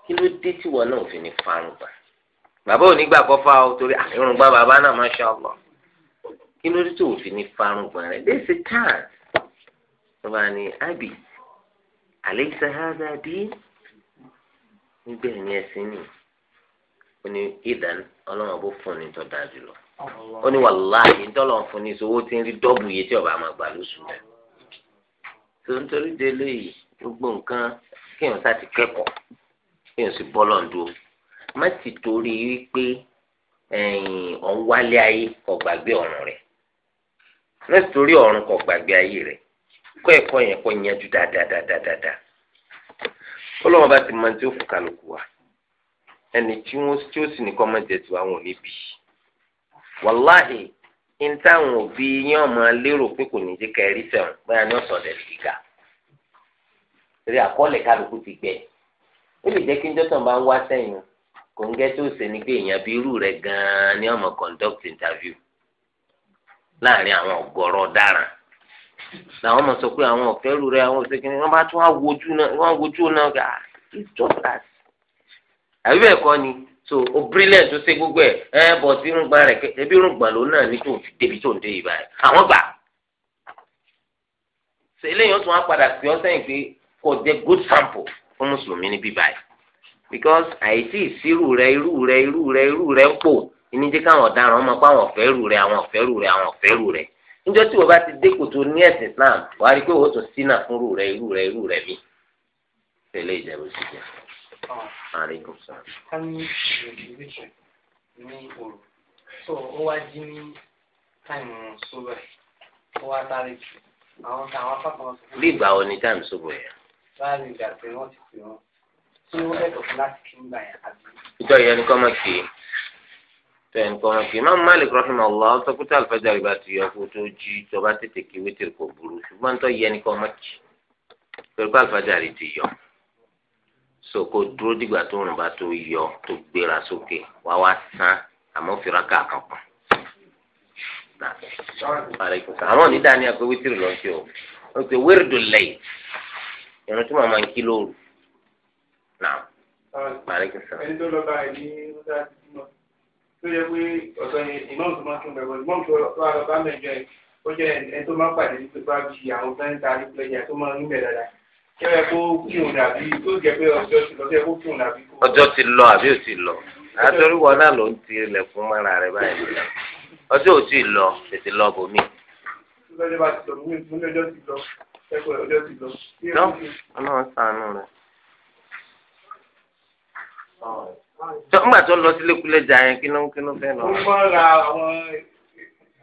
kí ló dé tí wọn náà fi ní fárúgbà bàbá ò ní gbà kọ́ fáwọn torí àìrùngbà ah, bàbá náà masha Allah kí ló dé tí wọn fi ní fárúgbà rẹ there's a chance wọn bá ní àbí alaysa hadha din níbẹ̀ ni ẹ̀sìn ni ó ní ìdán ọlọ́run bó fún ni tó dáa jùlọ ó ní wàláhì ńtọ́lọ́ fún ni sọ owó tí ń rí dọ́bù iye tí ọba máa gbà lóṣù rẹ̀ tó ń torí délé yìí gbogbo nǹkan kéèyàn sá ti kẹ́kọ̀ọ́ kéèyàn sì bọ́ lọ́ǹdọ́ má ti torí wípé ọ̀n wálé ayé kò gbàgbé ọ̀run rẹ̀ má ti torí ọ̀run kò gbàgbé ayé rẹ̀ kọ́ ẹ̀kọ́ yẹn kọ́ yanjú dáadáadáadáa ọlọ́wọ́n bá ti mọ tí ó fún kálukú wa ẹni tí ó sì ní kọ́ mọ́ jẹ tiwa wọn ò ní bì wàláhì ní táwọn òbí yín ọmọ lérò pé kò ní jẹ́ ká ẹrí sẹ̀wọ̀n bóyá ní ọ̀sọ̀dẹ̀ gíga rí àkọọ́lẹ̀ kálukú ti gbẹ ó lè jẹ́ kí njọ́tàn bá ń wá sẹ́yìn kò ń gẹ́ tó ṣe ni pé èèyàn bí irú gan-an ni ọmọ conduct interview láàrin àwọn ọ̀gọ̀rọ̀ ọ̀daràn làwọn ọmọ sọ pé àwọn ọ̀fẹ́ rú rẹ àwọn wọn bá tún wá wojú náà ah, ni so o brilliant o ṣe gbogbo ẹ ẹ bọ sí irungba rẹ ebi irungba ló náà ní tó fi débi tó ń dé ibà rẹ àwọn gbà ṣe eléyìí ó tún wá padà sí ọ sẹ́yìn pé kò jẹ good sample fún mùsùlùmí ní bíbá yìí because àìsí ìsírù rẹ irú rẹ irú rẹ irú rẹ ń pò ìní jẹ́ káwọn ọ̀daràn ọmọ pé àwọn ọ̀fẹ́ rù rẹ àwọn ọ̀fẹ́ rù rẹ àwọn ọ̀fẹ́ rù rẹ níjọ́ tí wọ́n bá ti dé kòtò ní ẹ̀sìn Islam wàá rí i pé wọ́n tún sínà fún rù rẹ irú rẹ irú rẹ mi ṣe eléyìí jẹ́ bó ṣe jẹ́. Aleykum salaam. ká ní ìrìnlẹ́sẹ̀ ní òru so ó wá jí ní táìmù sóbẹ̀ ó wá sáré jù àwọn kan àwọn afákan wọn sọ fún mi. bí ìgbà wo ni táìmù sóbẹ̀ yẹn. láàrin ìgbà pé wọ́n ti pè wọ́n tí wọ́n lẹ́tọ̀ fún láti kí ń gbà yẹn àbí. ìjọ yẹn ni kọ́ mọ̀ kí tẹ̀yìn kọ́ mọ̀ kí Imam Malik rahimahullah sọ pé tí àlùfáàjà rẹ̀ bá ti yọ kó tó jí tó tètè kí wítìrì kò burú ṣùgbọ́n tó yẹ ni kọ́ mọ̀ kí pẹ̀lú pé àlùfáàjà rẹ̀ ti yọ soko dúró dìgbà tó rìn bá tó yọ tó gbéra sókè wá wá sán àmọ́ fìrà kàkan kan. àwọn onídàáni àgbẹ̀ wítìrì lọ sí o ó pe wíìrìdù lẹ́yìn ìrìn tí màmá ń kí lóru. ẹni tó lọ bá ẹ ní ọjà ìmọ̀ tó yẹ pé ọ̀sán ìmọ̀ọ́mù tó máa ń tún bẹ̀rẹ̀ ìmọ̀ọ́mù tó lọ bá mẹ́jọ ẹ̀ ó jẹ́ ẹni tó máa ń pàdé nípa bí àwọn fẹ́ńtà nípa ẹ̀yà tó máa ń bẹ̀rẹ̀ dáadáa ọjọ́ ti lọ àbí ò ti lọ látọ̀rí wọn náà ló ń ti ilẹ̀ fún mọ́ra rẹ báyìí ọjọ́ ò ti lọ tètè lọ bòmí. lọ ọlọ́run sànù rẹ. nígbà tó lọ sílé kulẹ̀ jà yẹn kí ló ń kí ló fẹ́ lọ. ó mọ̀ ra àwọn.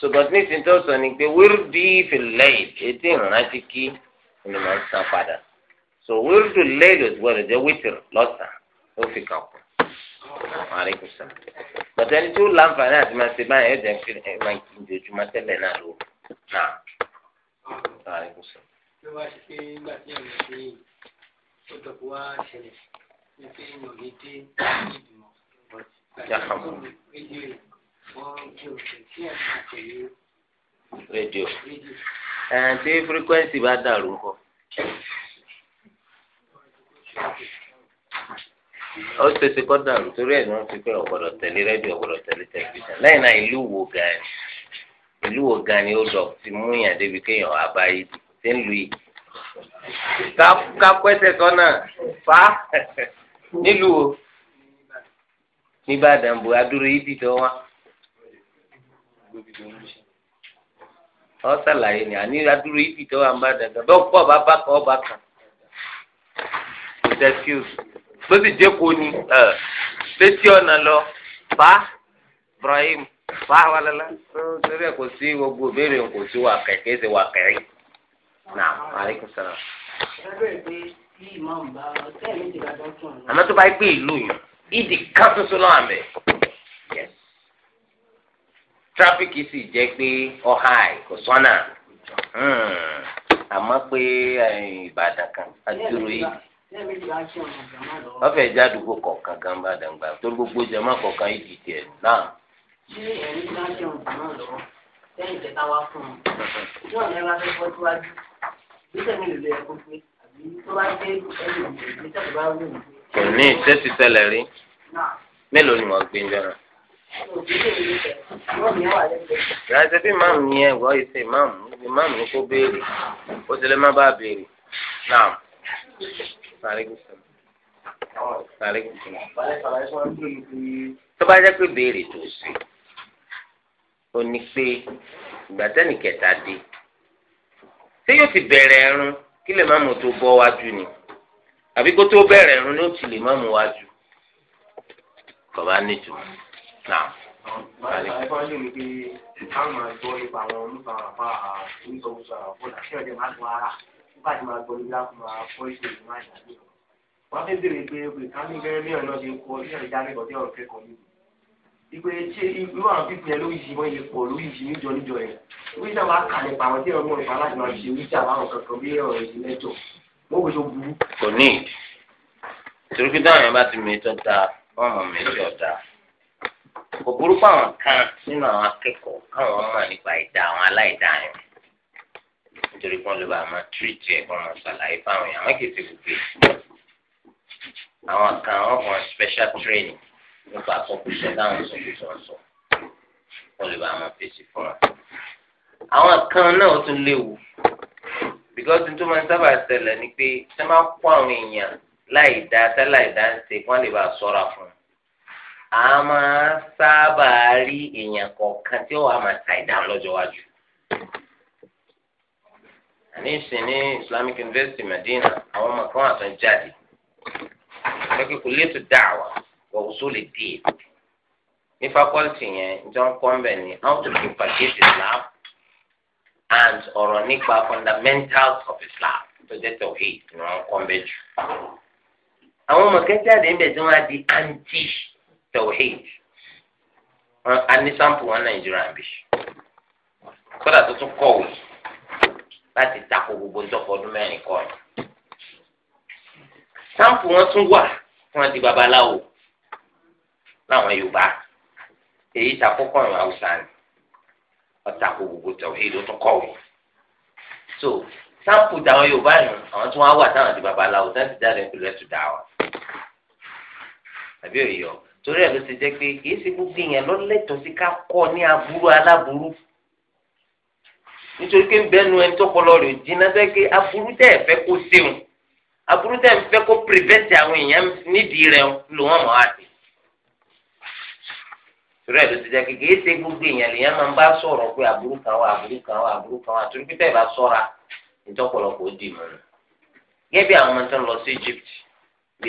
ṣùgbọ́n ní ìsìn tó sọ ni pé wíìrìdì fìlẹ́yìn ètí ìrántí kí ni màá san padà so wíìrìdì lẹ́yìn ló ti gbọ́dọ̀ jẹ́ wítìrì lọ́sàn-án ó fi kàn kù maaleykum salaam bàtà ni tí ó láǹfààní àti máa ṣe báyìí ẹ̀jẹ̀ ń fi máa ń kí ojoojúmọ́ tẹ́lẹ̀ náà ló náà maaleykum salaam. ló wá sí pé nígbà tí àwọn ẹgbẹ́ yìí ó tọ́kù wá ṣẹlẹ̀ ní pé ìmọ̀ ní dé ìdìmọ̀ rédíò ẹ̀ tí fíríkwẹ́nsì bá dàrú ńkọ́ ó ṣèṣe kọ́ dàrú torí ẹ̀ ni wọ́n ti pé ọ̀gbọ́dọ̀ tẹ̀lé rédíò ọ̀gbọ́dọ̀ tẹ̀lé tẹlifíṣàn lẹ́yìn náà ìlú wo gan ni ìlú wo gan ni ó lọ ti mú yàn débi kéèyàn àbáyé ti ń lu yìí kápẹ́sẹ̀ sọ́nà fa nílùú Nìbàdàn bu adúrú yìí dìtọ́ wa gbé bíbí olùsí ọ ṣàlàyé ni àní adúrú ibi tó wà ń bá dàgbà bẹ́ẹ̀ kọ́ ọba bá kọ́ ọba kan kò tẹ́ sí o tó sì jẹ́ kó ni létí ọ̀nà lọ fa Ibrahim fa wàlálà torí ẹ̀ kò sí gbogbo béèrè kò sí wà kẹ̀kẹ́ sí wà kẹ́rì náà aleykum salaam. àmọ́ tó bá yẹ pé ìlú yìí ìdí kan tuntun náà mẹ́ tírafíkì sì jẹ́ pé ọ̀háì kò sọ́nà hmm. àmọ́ pé eh, ìbàdàn kan àdúró yìí ọ̀fẹ́ ìjà àdúgbò kọ̀ọ̀kan kan bá dàgbà tó gbogbo jẹ̀mọ́ kọ̀ọ̀kan yìí dìde ẹ̀ náà. ṣé ẹ̀rí bá jẹun kan náà lọ́wọ́ lẹ́yìn tẹ́ta wá fún un yóò ní ẹ̀rọ afẹ́fọ́ tó wájú ìgbésẹ̀ mi lè lọ ẹ̀kọ́ pé àbí tó bá dé ẹ̀rọ ìgbésẹ̀ tó bá wù mí. kò ní ìṣesí ṣẹlẹ̀ rí mélòó ni wọ́n gbé ń jẹun ìrẹsì bí máàmù ni ẹ wọ́n yìí ṣe máàmù ní máàmù ní kó béèrè ó ti lè má bàa béèrè náà sàrẹ́gùsàn sàrẹ́gùsàn. tó bá jẹ́ pé béèrè tó ṣe ó ní pé ìgbà tẹ́nì kẹta dé ṣé yóò ti bẹ̀rẹ̀ ẹ̀rùn kí lè máàmù tó bọ́ wájú ni àbí kó tó bẹ̀rẹ̀ ẹ̀rùn ni ó ti lè máàmù wájú kò bá nítumọ̀ náà. báyìí ni pé káwọn máa gbọ́ nípa àwọn onípa àpá oníṣòwòṣò àpò àti ọ̀jẹ̀ máa gbọ́ ara nípa àti máa gbọ́ nípa kó máa kọ́ ìṣòro máa yà ní ọ̀rọ̀. wọ́n fẹ́ bèrè pé pé káwọn ní gẹ́gẹ́ bí ọ̀nà ti kọ́ iṣẹ́ ìdánilẹ́kọ̀ọ́ tí ọ̀rọ̀ kẹ́kọ̀ọ́ níbi. ìpè ṣé irú àwọn fífi yẹn lóyìí wọ́n yẹ pọ̀ lóyìí níjọ níjọ yẹn. wíṣ náà wàá kà nípa àwọn tí ọmọ ìfà láti máa ṣe wíṣà àwọn kankan bí ọ̀rọ̀ ìdílẹ́jọ. wọ́n wọ́n ṣe burú. kò ní ìdí torí pé dáhùn yẹn bá ti mú ètò dáa wọ́n mọ̀ mú ètò dáa kò burú fáwọn kan nínú àwọn akẹ́kọ̀ọ́ káwọn mọ̀ nípa ìdá àwọn aláìdá yẹn nítorí kí wọ́n lè bá máa tírìtì ẹ̀ wọ́n máa ṣàlàyé fáwọn yẹn àwọn kìí ṣe gbogbo àwọn kan wọ́n fọ́n special training nípa àkọ́kùsọ táwọn sọ̀kùsọ̀ sọ wọ́n lè bá máa fèsì fún wọn. àwọn kan náà ó tún léwu bíkọ́sì tó máa ń sábà ṣẹlẹ̀ ni pé ṣé máa ń kó àwọn èèyàn láì dá ń ṣe kí wọ́n lè bá ṣọ́ra fún un. a máa sábà rí èèyàn kọ̀ọ̀kan tí ó wà máa ta ìdá lọ́jọ́ iwájú. àní ìsìn Islamic University Medina àwọn ọmọ kan àtọ̀ jáde lọ́kẹ́ kò létò dáàwà wọ́n kò lè dé ní yẹn ni Islam and ọ̀rọ̀ nípa fundamentals of Islam tó jẹ́ tawhid ni wọ́n kọ́ jù. àwọn ọmọ kẹ́kẹ́ àdéhùn tí wọ́n anti tawhid a ní sampo wọn nàìjíríà bí kódà tó tún kọ̀wé láti takò gbogbo ntọ́kọ̀ ọdún mẹ́rin kọ́ ẹ̀ sampo wọn tún wà fún àti babaláwo láwọn yorùbá èyí takókọ̀ ẹ̀rọ haúsá ni ọ̀takò gbogbo tawhid ló tún kọ̀wé so sampo táwọn yorùbá nù àwọn tí wọn wà táwọn àti babaláwo táwọn ti jáde ń pèlè ẹtù dáwà àbí òye ọ̀gbìn. torí ẹ̀ ló ti jẹ́ pé kìí ṣe gbogbo èèyàn lọ́lẹ́tọ̀ọ́ sí ká kọ́ ní aburú aláburú nítorí pé ń bẹnu ẹni tó kọlọ rẹ̀ jìnnà sẹ́ pé aburú tẹ̀ ẹ̀ fẹ́ kó ṣeun aburú tẹ̀ ẹ̀ fẹ́ kó pírẹ́tì àwọn èèyàn nídìí rẹ̀ ló wọ́n si àti torí gbogbo èèyàn lèèyàn máa ń bá sọ̀rọ̀ pé aburú kan wà aburú kan wà aburú kan wà torí pé bá ó dì Egypt bí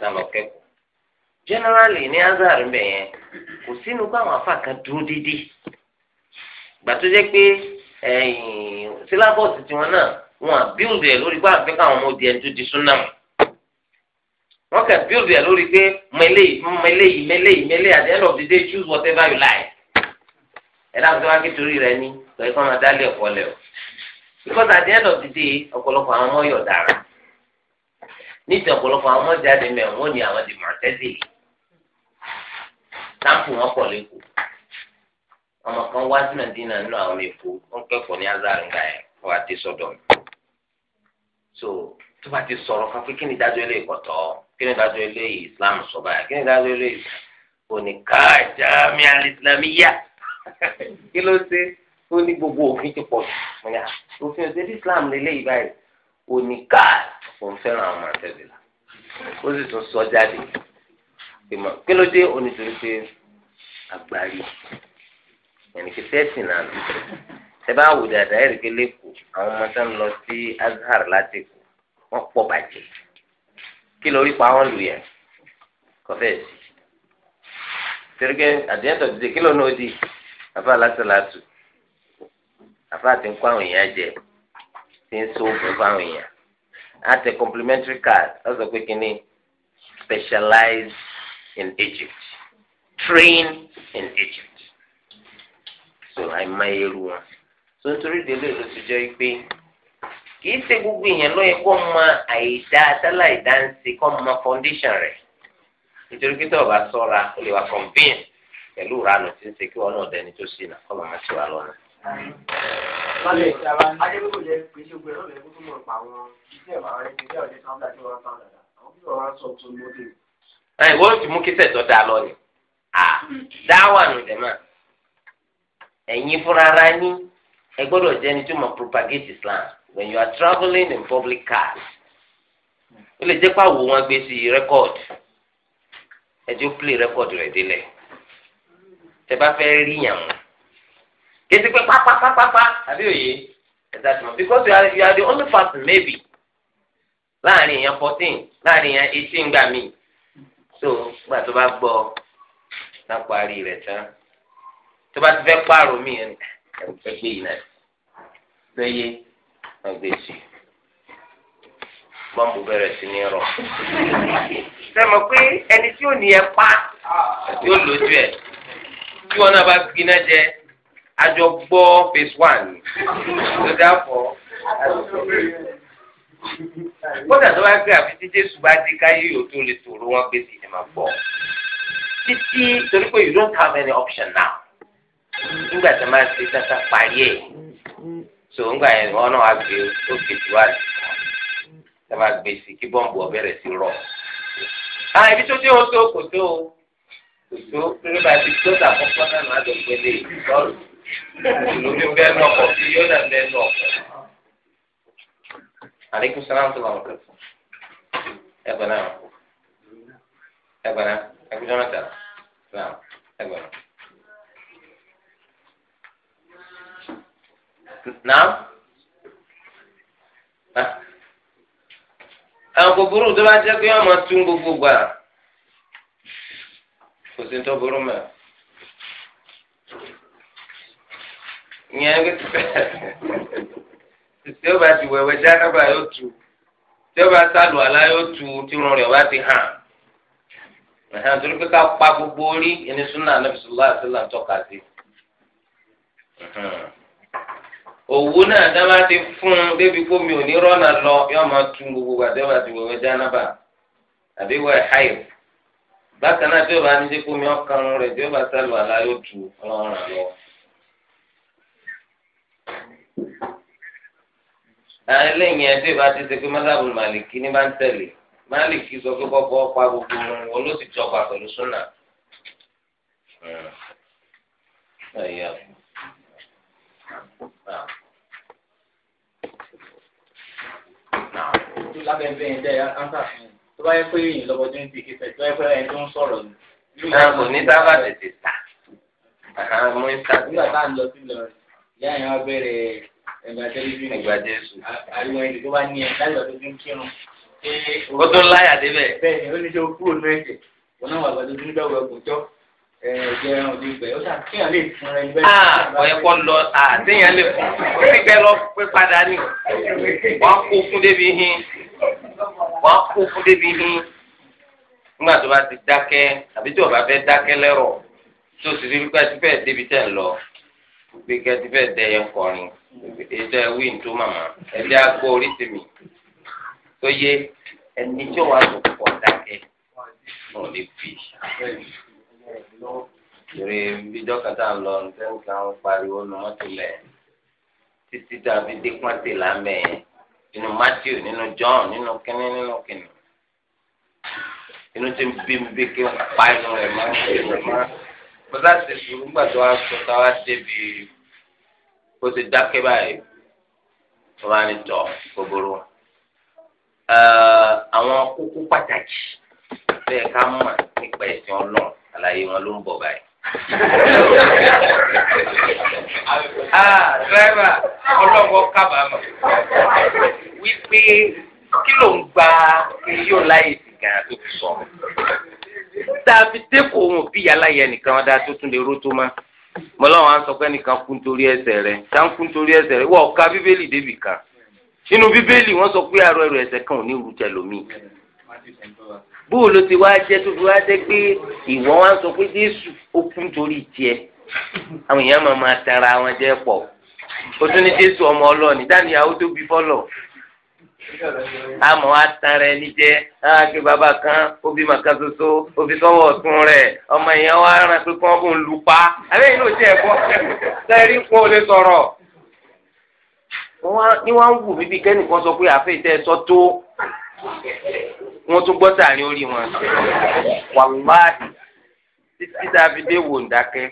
tán lọ generally ní azar ń bẹ̀ yẹn kò sínú pé àwọn afa kan dúró déédéé gbà tó jẹ́ pé sílábọ̀sì tiwọn náà wọn à bíldì ẹ̀ lórí pé àfi káwọn ọmọ òdì ẹni tó di súnà mọ́ wọn kà bíldì ẹ̀ lórí pé mẹlẹ́yìí mẹlẹ́yìí mẹlẹ́yìí mẹlẹ́yìí at the end of the day choose whatever you like ẹ̀ dáhùn tó wá kí torí rẹ ní lọ́yìn kọ́ máa dálé ẹ̀kọ́ lẹ̀ o because at the end of the day ọ̀pọ̀lọpọ̀ àwọn ọmọ yọ̀ dára ní ìtàn ọ̀pọ̀lọpọ̀ àwọn ọmọdéjáde mẹ́rin wọ́n ní àwọn dèmọ̀tẹ́sì sáǹpù wọn pọ̀ lẹ́kọ̀ọ́ ọmọ kan wá sí nàìjíríà nínú àwọn èkó wọn kẹ́kọ̀ọ́ ní azar nga ẹ̀ wọ́n ti sọ́dọ̀ mi so tó bá ti sọ̀rọ̀ fún pé kí ni dájọ́ ilé ìkọ̀tọ̀ kí ni dájọ́ ilé Islam sọ báyìí kí ni dájọ́ ilé oníkà jami alìsìlámíyà kí ló ṣe ó ní gbogbo òfin ti pọ̀ òfin òṣèlú Islam lélẹ́yìí báyìí oníkà òun fẹ́ràn àwọn la ó sì tún sọ jáde kí ló dé onítorí pé agbárí ẹnìkí tẹ́sí náà lọ ẹ bá wò dáadáa ẹ̀rí pé lẹ́kọ̀ọ́ àwọn ọmọ tó lọ sí azhar láti kù wọ́n pọ̀ bàjẹ́ kí lórí pa wọ́n lù yẹn kọfẹ́ sí tẹ́lẹ̀kẹ́ àdéhùn ọ̀dídé kí ló náà di àfa lásìlátù àfa ti ń kó àwọn èèyàn jẹ ti ń sóògùn fáwọn èèyàn at a complimentary card wọ́n sọ pé kínní specialize in Egypt train in Egypt so àìmọye ru wọn so nítorí délé ló ti jẹ́ pé kìí ṣe gbogbo èèyàn ló yẹ kó mọ àìdá sálà àìdá ń ṣe kó mọ foundation rẹ̀ nítorí pé tó o bá sọ́ra o lè wá convince pẹ̀lú ìranù tí ń ṣe kí wọn náà dẹni tó ṣì nà kọ́ lọ́mọ sí wa lọ́nà lálẹ́ ìjàmbá adébúgbò jẹ́ pé ṣé gbé lọ́lẹ̀ kó tó mọ̀ pa àwọn iṣẹ́ àwọn ẹni iṣẹ́ ọ̀jẹ̀ sáńdà tí wọ́n sáńdà dà àwọn bí wọ́n sọ tó lóde. ẹ wọ́n ti mú kí sẹ̀tọ́ da lọ ni dáwà nù dẹ̀ mà ẹ̀yin fúnra ara yín ẹ gbọ́dọ̀ jẹ́ ẹni tó mọ̀ propagate Islam when you are travelling in public cars ó lè jẹ́ pàwọ́ wọn gbé sí rẹ́kọ̀dì ẹjọ́ play rẹ́kọ̀dì rẹ̀ délẹ̀ tẹ bá fẹ́ rí yàn wọ́n kìí ṣe pé pápápápápá àbí òye ẹ̀dá tó mọ̀ because you are, you are the only person maybe láàrin èèyàn fourteen láàrin èèyàn eighteen gbà mí so gbà tó bá gbọ́ lápò àárí rẹ̀ tán tó bá ti fẹ́ pààrọ̀ mí ẹ̀ ẹ̀ gbé yìí náà lóye wọ́n gbé sí bọ́ǹbù bẹ̀rẹ̀ sí ní rọ̀ ṣe mọ̀ pé ẹni tí ò ní ẹ pa yóò lójú ẹ̀ tí wọn náà bá gbiná jẹ àjọ gbọ́ phase one tó dáàbọ̀ kódà tó bá gbé àfi tí jésù bá dé káyé yóò tó lè tòrò wọn gbé sí ìdìmọ̀ gbọ́ títí torí pé you don't have any option now nígbà tí a máa ṣe sáta parí ẹ̀ so ńgbà yẹn wọn náà wá gbé ó gbé tí wá sí ẹ máa gbé sí kí bọ́ǹbù ọ̀bẹ̀rẹ̀ sí rọ̀ à ah, ibi tó dé o tó kò tó o kò tó pé bá a ti tó tà fọ́fọ́ náà lọ́dọ̀ gbélé ìtọ́rù. Ìlúmi bẹ́ẹ̀ nù ọkọ̀ yóò dàn bẹ́ẹ̀ tó kẹ́ fún. náà. náà. náà náà. Náà. Àwọn tó bá jẹ́ pé wọ́n gbogbo gbà. Kò sí ní tó burú mẹ́rin. ìyẹn bí tí ó bá ti já jánábà yóò tu tí ó bá sálù àlá yóò tu tí irun rẹ̀ bá ti hàn ẹ̀hán torí pé ká pa gbogbo orí ẹni súnà anábìsọ̀lá àti ìlànà tọ́ka sí òwú náà dábàá ti fún un débi kó mi ò ní rọ́nà lọ yóò máa tún gbogbo àdébà ti já jánábà àbí wẹ̀ háyò bákan náà tí ó bá ní dé kó mi ọkàn rẹ̀ tí ó bá sálù àlá yóò tu ọlọ́run àlọ́ ẹlẹ́yìn ẹ̀dẹ́ bá ti ṣe pé mọ́tàbù màlìkì ní bá ń tẹ̀lé màlìkì sọ pé kọ́kọ́ pa gbogbo wọn olóòtú jọba pẹ̀lú súnà. lábẹ́ńbẹ́ yẹn dẹ́ ansa tó bá yẹ pé èyí lọ́wọ́ tó ń ti kí sẹ́yìn tó yẹ pé ẹni tó ń sọ̀rọ̀ ni. kò ní sábà tètè tà. nígbà tá à ń lọ sí Ìlọrin ìyá yẹn wá bẹ̀rẹ̀ ẹgbà jésù ariwo ẹni tó bá ní ẹ láyọ̀ tó fi ń kírun. ó tó láyà débẹ̀. bẹ́ẹ̀ni ó ní sọ kúrò ní ẹsẹ̀ wọn náà wà lọ́dún nígbà wo ẹkùn jọ ẹ̀jẹ̀ ẹran òde ìgbẹ́ ó ṣàkíyàn lè fún ẹ níbẹ̀. àwọn ẹ̀kọ́ lọ àtẹ̀yàn lè fún ó sì kẹ́ lọ pé padà ní wọ́n kó fún débi hin wọ́n kó fún débi hin nígbà tó bá ti dákẹ́ àbí tí o bá fẹ́ dákẹ́ lẹ́rọ̀ tó sì rí pé ti fẹ́ débi tẹ̀ lọ gbé gẹ́tí bẹ́ẹ̀ dẹ yẹn kọrin ètò ẹ̀wí ntó màmá ẹ̀dẹ́ agbó orí ti mi tó yé ẹni tí wàá tó pọ̀ dákẹ́ náà lè fi. Ìrè bíjọ́ kata ń lọ nígbà tí wọ́n pariwo ní mọ́tò lẹ̀ títí tàbí dé pọ́ńtì lámẹ́ nínú Matthew nínú John nínú kínní nínú kínní inú tí ń bí mi bí kí n pa inú rẹ̀ máa ń ṣe rẹ̀ bàtà ṣe sùúrù ńgbà tó wá sọ táwa débi kó ti dákẹ́ báyìí tó máa ní tọ̀ gbogbooro àwọn kókó pàtàkì bẹ́ẹ̀ ká mọ̀ nípa ẹ̀sìn ọlọ́run àlàyé wọn ló ń bọ̀ báyìí. ah dírẹ́fà ọlọ́wọ́ kábàámọ̀ wípé kí ló ń gba èyí ò láyè sí gan tó fi sọ tá a fi dẹ́kọ̀ òun bí aláyẹ nìkan wọn dáa tó tún lè rótó má mọ́láwọn á sọ pé nìkan kú nítorí ẹ̀ṣẹ̀ rẹ̀ tá ń kú nítorí ẹ̀ṣẹ̀ rẹ̀ wọ́n ọ̀ka bíbélì débì kan nínú bíbélì wọ́n sọ pé àrò ẹ̀rọ ẹ̀ṣẹ̀ kan ò ní rú tẹlomi bóò ló ti wá jẹ́ tó fi wá jẹ́ pé ìwọ́n wá sọ pé Jésù ó kú nítorí tiẹ̀ àwọn èèyàn máa máa tara wọn jẹ́ pọ̀ ó tún ní Jésù ọmọ ọlọ́ọ̀ni dáníyàwó tó bí fọ́lọ̀ àmọ́ atara ẹni jẹ́ ákè bàbá kan obì màkà soso obì sọ́wọ́ ọ̀tún rẹ̀ ọmọ ìyẹn wa rán pé kí wọ́n bò ń lu pa àbẹ́yìn náà jẹ́ ẹ̀kọ́ sẹ́rí ń pọ́n olè sọ̀rọ̀ ni wọ́n ń wù mí bí kẹ́nìkan sọ pé àfẹ́ ìtẹ́ sọ tó wọ́n tún gbọ́ sàárín orí wọn wàlúwàdì títí tá a fi dé wò ń dákẹ́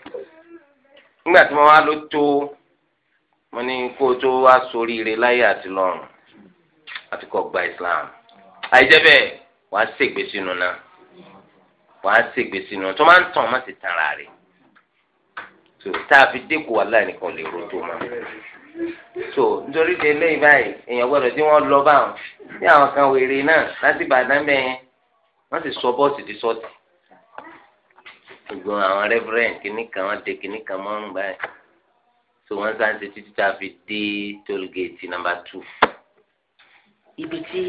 nígbà tí wọ́n wá ló tó mo ní kó o tó wá sórí ire láyé àti lọ́run àfi kọ́ gba islam àìjẹ́ bẹ́ẹ̀ wàá ṣègbè sínú náà wàá ṣègbè sínú tó máa ń tàn má sì tàn ra rẹ̀ tó tá a fi dínkù wà láì nìkan lè ro tó máa so nítorí de lẹ́yìn báyìí èèyàn gbọ́dọ̀ tí wọ́n lọ báwọn tí àwọn kan wèrè náà láti Ìbàdàn bẹ́ẹ̀ wọ́n sì sọ bọ́ọ̀sì di sọ́ọ̀tì gbogbo àwọn reverend kìnnì kan wọ́n de kìnnì kan mọ́rùn báyìí so wọ́n sáà ń ṣe títí tá a fi dé toll gate number ibi tí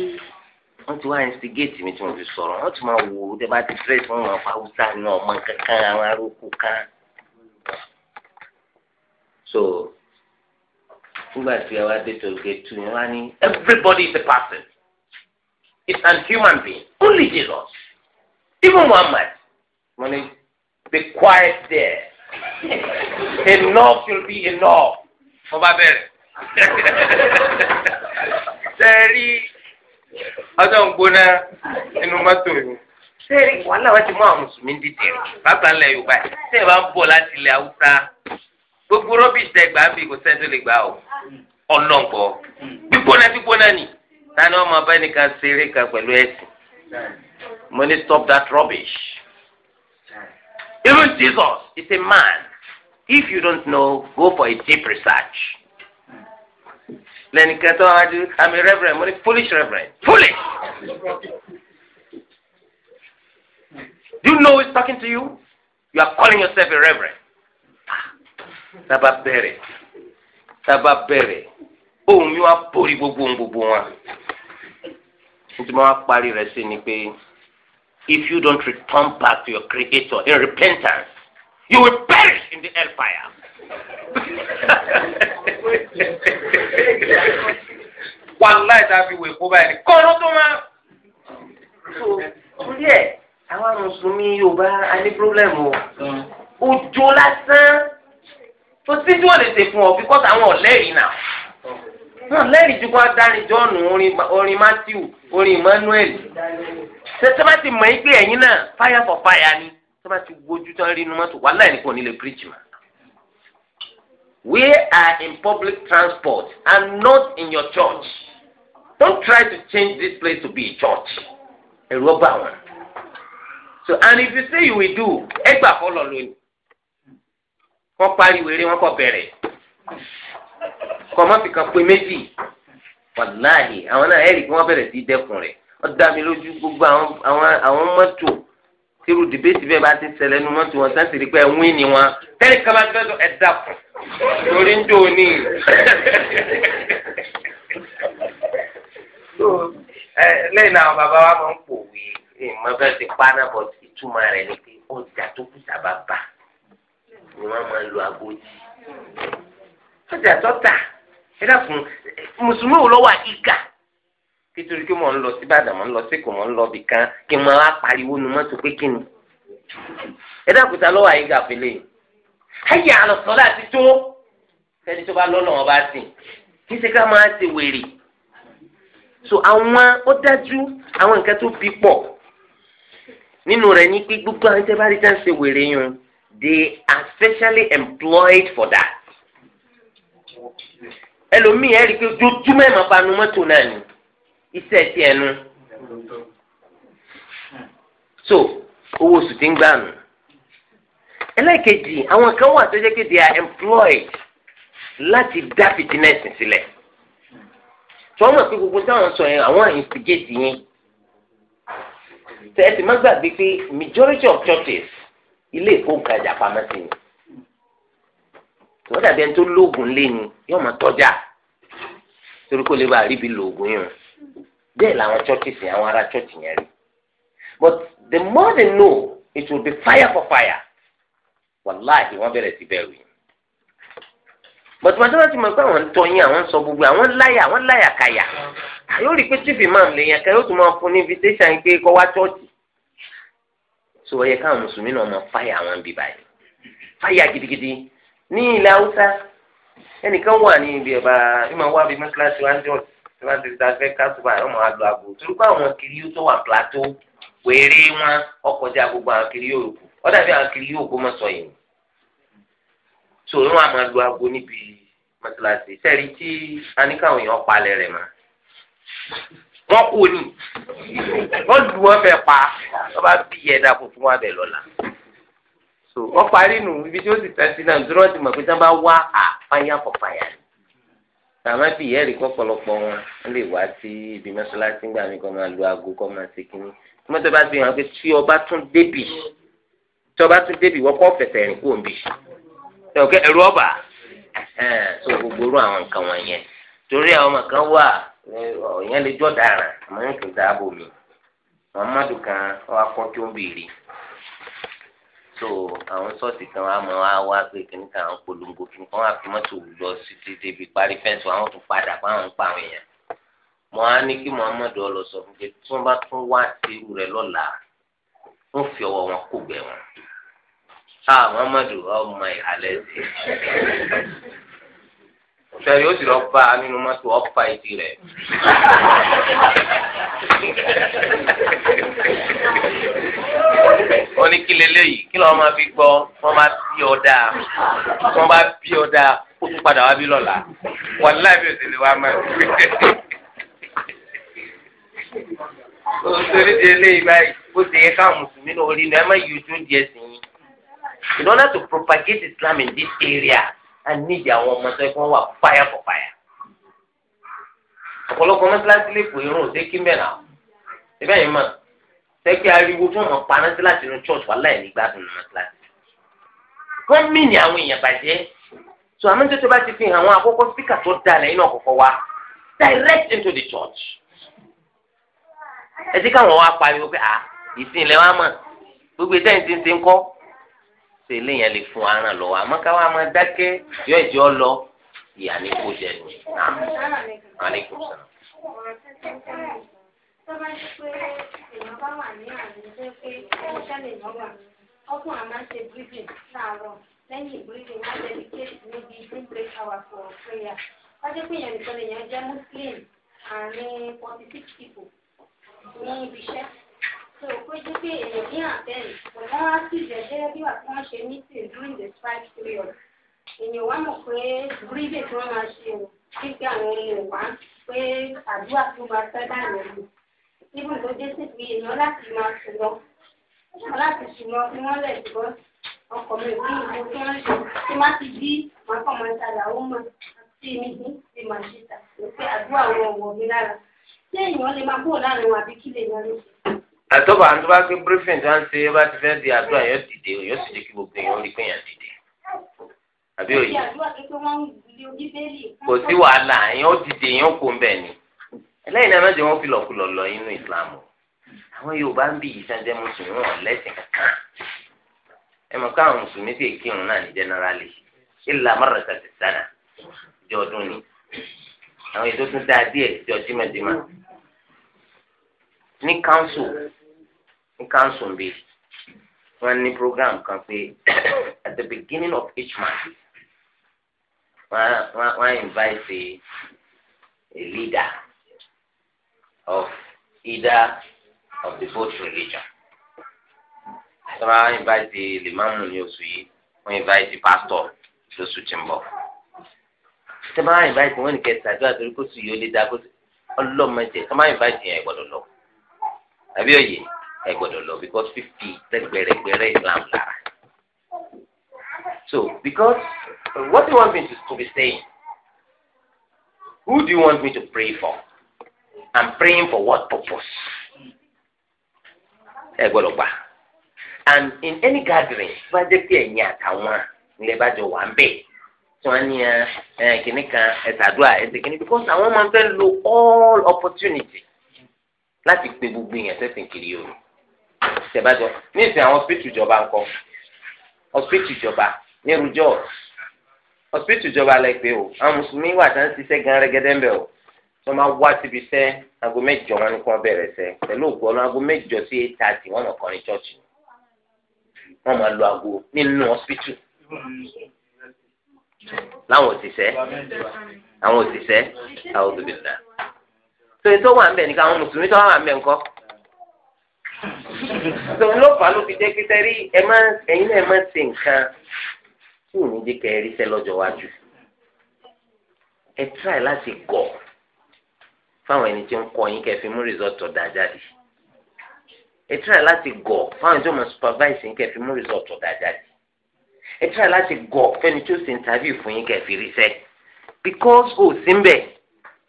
wọ́n ti wá instigate mi tí mo fi sọ̀rọ̀ wọ́n ti máa wò ó dé bá ti stress wọn fa hausa náà ọmọ kankan àwọn aróko kan so nígbà tí a wá dé tòlùkẹ́ tù wọ́n wá ní everybody is a person it's an human being only Jesus even Muhammad wọ́n ní be quiet there enough will be enough mo bá bẹ̀rẹ̀. sẹ́ẹ̀rí ọjọ́ ń gbóná inú mọ́tò yìí sẹ́ẹ̀rí wàhálà wá ti mú àwọn mùsùlùmí dìde bàbá ńlẹ̀ yorùbá sẹ́ẹ̀ bá ń bọ̀ láti ilẹ̀ haúsá gbogbo rọ́bìṣì tẹ gbà bí kò sẹ́ẹ̀ tó lè gbà o ọlọ́ngbọ́ gbígbóná gbígbóná ni tani wọn máa bá ẹnìkan ṣeré kan pẹ̀lú ẹ̀sìn mo ní stop that rubbish even Jesus is a man if you don't know go for a deep research. lẹ́nìkan tó I'm àmì reverend mo ní foolish reverend foolish. do you know who is talking to you? you are calling yourself a reverend. sábà bẹ̀rẹ̀ sábà bẹ̀rẹ̀ ohun mi wá borí gbogbo ohun gbogbo nítorí wọn parí rẹ̀ sí ni pé if you don't return back to your creator in repentance you will perish in the hellfire. wàláì tá a fi wèé kó báyìí kọ́nù tó máa. torí ẹ àwọn mùsùlùmí yorùbá a ní pírọ́blẹ́mù o òjò lásán tó tí tí wọ́n lè ṣe fún ọ bí kọ́sà àwọn ọ̀lẹ́rìí náà wọn lẹ́rìí ju kó adárin jọ́ọ̀nù orin matthew orin emmanuel tẹ́tẹ́ bá ti mọ̀ ẹ́ pé ẹ̀yin náà fire for fire ni tẹ́tẹ́ bá ti gbójú tán rí inú mọ́tò wàhálà ẹ̀ ní kò ní lè preach mọ́. We are in public transport and not in your church. Don't try to change this place to be a church. a rubber. wọn. So and if you say you will do, ẹ gbà fọlọ lónìí. Wọ́n parí wèrè wọn kọ bẹ̀rẹ̀. Kọ̀mọ́ fi kan pé méjì. Wàláhì àwọn náà ẹ̀rì kí wọ́n bẹ̀rẹ̀ sí dẹ́kun rẹ̀. Ó dá mi lójú gbogbo àwọn mọ́tò irú dìbẹ́tì bẹ́ẹ̀ bá ti ṣẹlẹ̀ nu mọ́tò wọn sáà sì rí pé ẹ̀wín ni wọn tẹ́lẹ̀ kaba fẹ́ sọ ẹ̀dá kù lórí ń dòó ní. lẹ́yìn náà bàbá wa máa ń pòwe ìmọ̀ bẹ́ẹ̀ ti pa náà bọ̀ ìtumọ̀ rẹ̀ ni pé ọjà tó kù sábà bà ni wọ́n máa ń lo agodi. ọjà tó tà ẹ dákun mùsùlùmí wo lọ́wọ́ àkíkà kítorí kí mò ń lọ sí Ìbàdàn mò ń lọ sí Èkó mò ń lọ bì kan kí n máa pariwo nu mọ́tò pé kí ni. ẹ dákúta lọ́wọ́ àyíká àfẹlẹ́ yìí ayé àlọ́sọ láti tó sẹ́ni tó bá lọ́nà wọn bá sìn kí ṣe ká máa ṣe wèrè. so àwọn ó dájú àwọn nǹkan tó bí pọ̀ nínú rẹ̀ ní pé gbogbo àwọn tẹ́ bá tá à ń ṣe wèrè yẹn they are specially employed for that. ẹlòmíì ẹ rí i pé ojoojúmọ́ ẹ̀ máa bá nu mọ́tò náà ni iṣẹ́ ti ẹnu so owó oṣù ti ń gbà nù ẹlẹ́ẹ̀kejì àwọn kan wà tó jẹ́ pé they are employed láti dá fitness sílẹ̀ tí wọ́n mọ̀ pé gbogbo táwọn sọ yẹn àwọn instigate yẹn tẹ́ ẹ ti má gbàgbé pé majority of churches ilé ìfowópamọ́sí pamọ́ sí ni wọ́n dàbí ẹni tó lóògùn lé ni yóò máa tọ́jà torí kó lè bá a ríbi lóògùn yìí o bẹ́ẹ̀ làwọn churches yẹn àwọn ará church yẹn rí but the more they know it will be fire for fire wàláhì wọ́n bẹ̀rẹ̀ sí bẹ̀rù yìí but wọ́n dáná ti mọ̀ pé àwọn ń tọyín àwọn ń sọ gbogbo àwọn láyà àwọn láyà kàyà yóò rí i pé chief imam lè yàn kẹ́ yóò tún máa fún ní invitation pé kọ́ wá chọ́ọ̀tì so ó yẹ káwọn mùsùlùmí náà máa fáyà àwọn bíbá yìí fáyà gidigidi ní ilẹ̀ haúsá ẹnìkan wà ní ibi ẹ̀bà ìmọ̀ wá bíi mọ́sálásí wa ń jọ́ọ̀tì tí wọ́n ti sáfẹ́ kásùbà yóò máa lo àgbo torí pé àwọn kiri yóò tó wà plateau wéré wọn ọkọjá gbogbo àwọn kiri yóò rògbò wọ́n dàbí àwọn kiri yóò gbọ́mọ sọ yìí so wọ́n á máa lo àgbo níbi mọ́tíláṣí sẹ́ẹ̀rí tí aníkàwọn èèyàn palẹ̀ rẹ̀ mọ́ wọ́n kú ni wọ́n lu wọn fẹ́ pa wọ́n bá bí ẹ̀dá funfun wọn bẹ̀ lọ́la so wọ́n parí nù ibi tí ó sì tẹ̀sí náà dúró ti mọ̀ pé tí wá à fáyà ni tàmátì yẹn rí kọ́pọ̀lọpọ̀ wọn wọ́n lè wá sí ibi mọ́ṣáláṣí gbà mí kọ́ máa lu aago kọ́ máa ṣe kínní tí wọ́n tó bá fi hàn pé tí ọba tún débì tí ọba tún débì wọ́n kọ́ fẹ̀sẹ̀ rìn kúrò níbí ṣèwọ́kẹ́ ẹ̀rú ọba so gbogbo irú àwọn nǹkan wọn yẹn torí àwọn ọmọ kan wà ọ̀yẹ́n lè jọ́ dàrán àmọ́ yóò tún dáàbò mi Muhammadu kan wọ́n akọ́ tó ń bèèrè so àwọn sọ́ọ̀sì kan wà mọ́ wá wá pé kí nǹkan àwọn polongo fún kí wọ́n á fi mọ́tò lọ sí títí bí parí fẹ́ǹsì àwọn tún padà pa àwọn ń pa àwọn èèyàn mo á ní kí Muhammed ọlọ sọ fún pé tí wọ́n bá tún wá sí irú rẹ̀ lọ́la wọ́n fi ọwọ́ wọn kò gbẹ wọn. a ah, Muhammed ọmọ oh ìhàlẹ́ sí fẹ́ yóò sì lọ bá nínú mọ́tò ọ̀pá ìdí rẹ̀. wọ́n ní kí leléyìí kí lọ́wọ́ máa fi gbọ́ wọ́n máa bí ọ dáa wọ́n bá bí ọ dáa ó tún padà wá bí lọ́la wọ́n láì òsèlè wa máa ń gbé. In order to propagate Islam in this area a nídìí àwọn ọmọ tó yẹ kí wà fire for fire. ọ̀pọ̀lọpọ̀ mọ́sálásí lè pò irun òsè kí mẹ́ra síbẹ̀ yìí mọ̀ sẹ́kì ariwo tí wọ́n mọ̀ paná sí láti inú church wà láì ní gbádùn ní mọ́sálásí. gọ́mìnì àwọn èèyàn bàjẹ́ so àmọ́ tó tó bá ti fi hàn àwọn àkọ́kọ́ síkà tó dalẹ̀ inú ọ̀kọ̀ọ̀kọ̀ wa direct into the church. ẹ ti káwọn wa pariwo pé à ìsìn ilẹ̀ wa mọ̀ gbogbo ìtẹ́yìn ti ń ṣe ń kọ́ ṣe eléyàn lè fún aràn lọ àmọ́ káwọn àmọ́ dákẹ́ yọ ìjọ lọ ìyá ní kó jẹ ní àmì àlékún sàn. ọkùnrin àmà ń pé èèyàn nìkan lèèyàn jẹ́ muslim àárín forty six people ní ibi iṣẹ́. So, basically, in the beginning then, when I asked you the day you are going to meeting during the strike period, and you want to pray, breathe it on as you keep going in one, pray, I do have to master that Even though this is me, you know, that's not to know. Láti ṣùgbọ́n tí wọ́n lẹ̀ ṣùgbọ́n ọkọ̀ mi ò ní ìlú tí wọ́n ṣe tí má ti bí màá kàn máa ṣàlà ó mọ̀ sí mi ní ti màá ṣe tà Ṣé èèyàn lè máa kúrò láàrin wọn àbí kí lè yan lóṣù? àtọ́bà àti bá gbé briefing tá à ń ṣe bá ti fẹ́ di àdúrà yóò dìde yóò sì jẹ́ kí gbogbo èèyàn rí pé èèyàn dìde àbí òye kò sí wàhálà èèyàn ó dìde èèyàn kò ń bẹ̀ ni ẹlẹ́yìn náà mẹ́jọ wọn fi lọ̀kulọ̀ lọ inú ìsìlámù àwọn Yorùbá ń bí ìsanjẹ́ mùsùlùmí wọn lẹ́sìn kankan ẹ mọ̀ káwọn mùsùlùmí sì kírun náà ní jẹ́nẹ́rálì ìlà mọ́rẹ̀ta ti sànà jọ ọdún ni àwọn ètò tún dáa díẹ̀ jọ jímọ̀jímọ̀ ní ní council bi wọ́n ní program kan pé at the beginning of each month wọ́n wọ́n invite a, a leader of either of the both religion So wọ́n invite limamu ní oṣù yìí wọ́n invite pastor lóṣù tí ń bọ̀ tẹ bá invite wọn ní kẹta àdúrà torí kó sùn yìí ó lé dá kó ọlọmọdé tẹ bá invite yẹn gbọ́dọ̀ lọ àbí òye ẹ gbọ́dọ̀ lọ because fífi lẹ́gbẹ̀rẹ̀gbẹ̀rẹ̀ Islam lára. So because what do you want me to, to be saying? Who do you want me to pray for? I'm praying for what purpose? Ẹ gbọ́dọ̀ And in any gathering, bá jẹ́ pé ẹ̀yin àtàwọn ilẹ̀ bá jọ wà ń bẹ̀ tí wọ́n ní ah, ẹ kìnnì kan ẹ̀sàdúrà ẹ̀sẹ̀ kìnnì because àwọn máa ń fẹ́ lo all opportunity láti pe gbogbo èèyàn sẹ́sìn kiri yòrò tẹ̀bájọ ní ìsìn àwọn hospital ìjọba ńkọ́ hospital ìjọba ní rújọ́ hospital ìjọba lẹ pé o àwọn mùsùlùmí wà tán ṣiṣẹ́ gan rẹ́gẹ́dẹ́ ńbẹ̀ o tó máa wá síbi sẹ́ aago mẹ́jọ wọn ni kò bẹ̀rẹ̀ sẹ́ pẹ̀lú òkú ọ̀nà aago mẹ́jọ sí eight thirty wọn mọ̀ kọrin chọ́ọ̀chì wọn máa lo aago nínú hospital láwọn òṣìṣẹ́ àwọn òṣìṣẹ́ àwọn òṣìṣẹ́ tó ètò wà ń bẹ̀ ní káwọn mùsùlùmí tó wà ń bẹ̀ ńkọ́ tòun ló fà á ló fi jẹ́ kí tẹ́rí ẹ máa ẹ̀yin náà ẹ máa ṣe nǹkan tí ò ní jẹ́ kẹ́ ẹ rí sẹ́ lọ́jọ́ wájú ẹ tíráì láti gọ̀ fáwọn ẹni tí ń kọ́ yín kẹ́ fi mú rìsọ́ọ̀tù ọ̀dà jáde ẹ tíráì láti gọ̀ fáwọn ẹni tí ó mọ̀ supervise yín kẹ́ mú rìsọ́ọ̀tù ọ̀dà jáde ẹ tíráì láti gọ̀ fẹ́ni tí ó sì interview fún yín kẹ́ rí sẹ́ because ó sì ń bẹ̀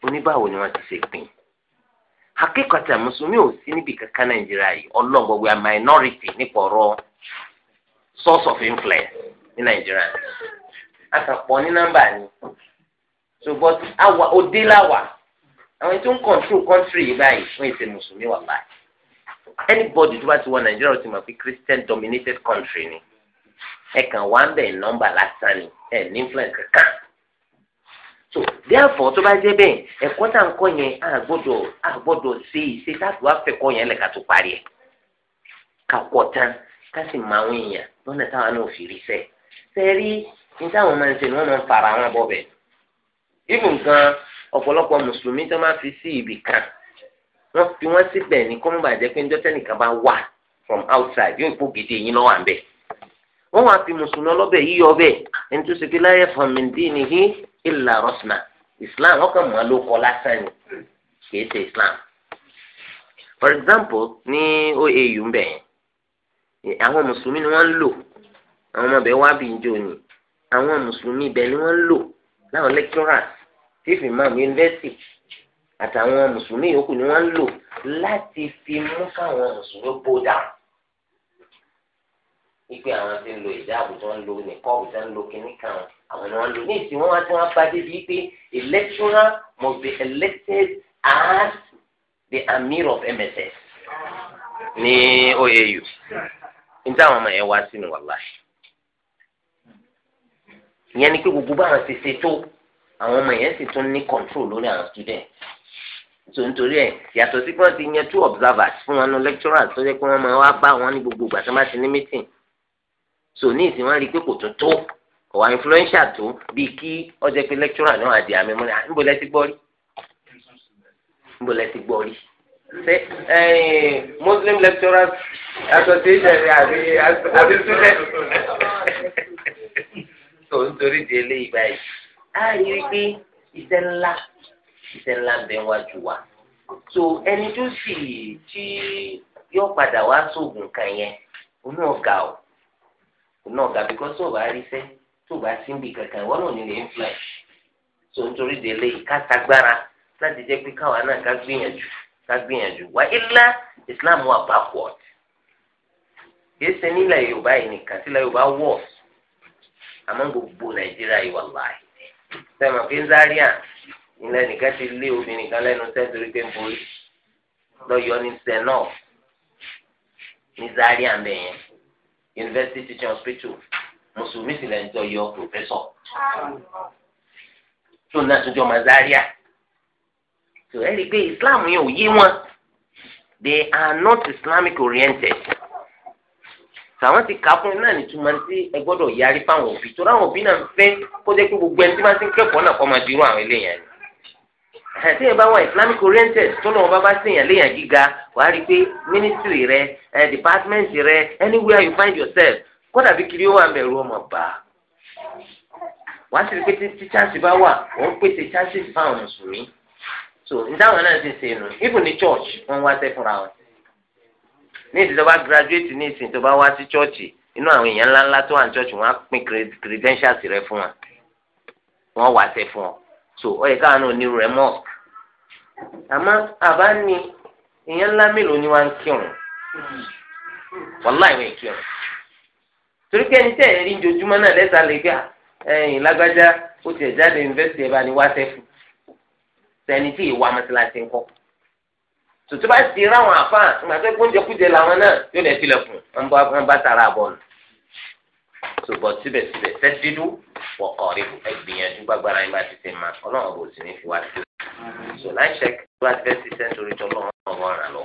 oníbàwò ni wọ́n ti ṣe pín hakikata mùsùlùmí ò sí níbi kankan nàìjíríà yìí ọlọ́run gbogbo a minority nípa ọ̀rọ̀ source of influence ní nàìjíríà àkàpọ̀ ní nọ́mbà ni ṣùgbọ́n àwa òde làwà àwọn tó ń control country yìí báyìí fún ìṣe mùsùlùmí wà báyìí anybody tó bá ti wọ nàìjíríà ó ti mọ̀ pé christian dominated country ni ẹ̀ kàn wá ń bẹ̀ nọ́mbà lásán ni ẹ̀ ní influence kankan so therefore tó bá jẹ́ bẹ́ẹ̀ ẹ̀kọ́ tá à ń kọ́ yẹn a gbọ́dọ̀ a gbọ́dọ̀ ṣe ìṣe táàbù afẹ́kọ́ yẹn lẹ́ka tó parí ẹ̀ ká kọ́ tán ká sì máa ń yàn lọ́nà táwọn náà fi rí sẹ́ sẹ́rí ní táwọn máa ń ṣe ni wọ́n máa ń fara wọn bọ́ bẹ̀ ibùn gan ọ̀pọ̀lọpọ̀ mùsùlùmí tó máa fi sí ibì kan wọ́n fi wọ́n síbẹ̀ ní kọ́mọ́bàjẹ́ pé ńjọ́ tẹ́nìkan bá wà from outside yóò kó gidi yín lọ́wọ́ à ń bẹ̀ wọ́n wá fi mùsùlùmí ọlọ́bẹ̀ yíyọ bẹ́ẹ̀ ìlà rọ́ṣmà islam ọkàn mọ́ ló kọ́ lásán ni kìí ṣe islam for example ní OAU ń bẹ̀ yẹn àwọn mùsùlùmí ni wọ́n ń lò àwọn ọmọ bẹ̀ wá bí njó ni àwọn mùsùlùmí ibẹ̀ ni wọ́n ń lò láwọn lecturers chief imam university àtàwọn mùsùlùmí yòókù ni wọ́n ń lò láti fi mú káwọn mùsùlùmí bó dáhùn wípé àwọn ti ń lo ìjáàbù tó ń lo nìkọ́ọ̀bù tó ń lo kínní kan àwọn ni wọ́n lò ní ìsìn wọn wá tí wọ́n bá débi pé a must be elected as the amir of MSS ní OAU ní táwọn ọmọ yẹn wá sínú wàláhì ìyẹn ni pé gbogbo báwọn ti ṣe tó àwọn ọmọ yẹn sì tún ní control lórí àwọn student so nítorí ẹ yàtọ̀ sí pé wọ́n ti yan two observers fún wọn nu lecturers tó jẹ́ pé wọ́n máa wá bá wọn ní gbogbo ìgbà tó bá ti ní meeting so ní ìsìn wọn rí i pé kò tó tó kò wá influential tó bíi kí ọjọ́ pé lecturer náà àdì àmì mọ́ni níbo lẹ ti gbọ́ rí níbo lẹ ti gbọ́ rí ṣe Muslim lecturers association àbí àbí student tó ń torí di eléyìí báyìí á rí i pé iṣẹ́ ńlá iṣẹ́ ńlá ń bẹ wájú wa so ẹni tó sì tí yóò padà wá sóògùn kan yẹn onú ọ̀gá ò onú ọ̀gá bíkọ́ sọ̀rọ̀ àríṣẹ́ tó bá sí níbi kankan ìwọ náà ní lè influence so nítorí délé ìkátagbára láti jẹ́ pé káwa náà ká gbìyànjú ká gbìyànjú wá ilá Islam wà backward kìí ṣe nílẹ̀ Yorùbá yìí nìkan sílẹ̀ Yorùbá wọ̀ àmọ́ gbogbo Nàìjíríà yìí wà láàyè sẹ́wọ̀n fi ń Zaria ilẹ̀ nìkan ti lé obìnrin kan lẹ́nu sẹ́ńtórí pé ń borí lọ́yọ́ ní sẹ́nọ̀ ní Zaria mbẹ̀yẹn University Teaching Hospital mùsùlùmí sì lẹ́yìn tó yọ pòfẹ́sọ̀ tó náà tó jọ mazaria tó ẹ rí i islam yẹn ò yé wọn they are not islamic oriented tàwọn ti kà fún náà nítumọ̀ tí ẹ gbọ́dọ̀ yarí fáwọn òbí tó láwọn òbí náà ń fẹ́ kó jẹ́ pé gbogbo ẹni tí wọ́n ti ń kẹ́kọ̀ọ́ náà kọ́ máa dirú àwọn eléyàn ni àti ẹ bá wà islamic oriented tó lọ́wọ́ bá bá ṣèyàn léyàn gíga wàá rí i pé ministry rẹ ẹ eh, department rẹ anywhere you find yourself kódà bí kiri wà mẹ́rù ọmọ bá wàá sì rí pé tí chance bá wà wọ́n pèsè chance fáwọn mùsùlùmí so nítawọn náà ti ṣe nù even ní church wọ́n wá sẹ́ fúnra wọn ní ìdíjọba graduate ní ìsìn tó bá wá sí church inú àwọn èèyàn ńláńlá tó wà ní church wọ́n á pín credentials rẹ fún wọn wọ́n wá sẹ́ fún ọ so ó yẹ káwọn náà onírú rẹ mosque àmọ́ àbá ni èèyàn ńlá mélòó ni wọ́n á ń kírun wàláì wọ́n ń kírun torí pé ẹni tẹ́ ẹ̀ rí njojúmọ́ náà lẹ́sà lè gbà ẹ̀yìn lágbájá ó tiẹ̀ jáde yunifásitì ẹ̀ bá ní wáṣẹ́ fún sẹ́ni tí ìwà mọ́sálásí ń kọ́ tòtò bá ti ráwọn àfa ìgbàgbé gbóúnjẹkújẹ làwọn náà yóò lè filẹ̀ fún wọn bá tara àbọ̀ nù ṣùgbọ́n síbẹ̀síbẹ̀ sẹ́dídú wọ̀kọ̀ rí ẹgbìyànjú gbàgbára yín bá ti ṣe máa ọlọ́run bò sí ní fi wá sí i so láì ṣe kí wọ́n á fẹ́ sí sẹ́ńtórí tó lọ́wọ́ ọ̀ràn lọ.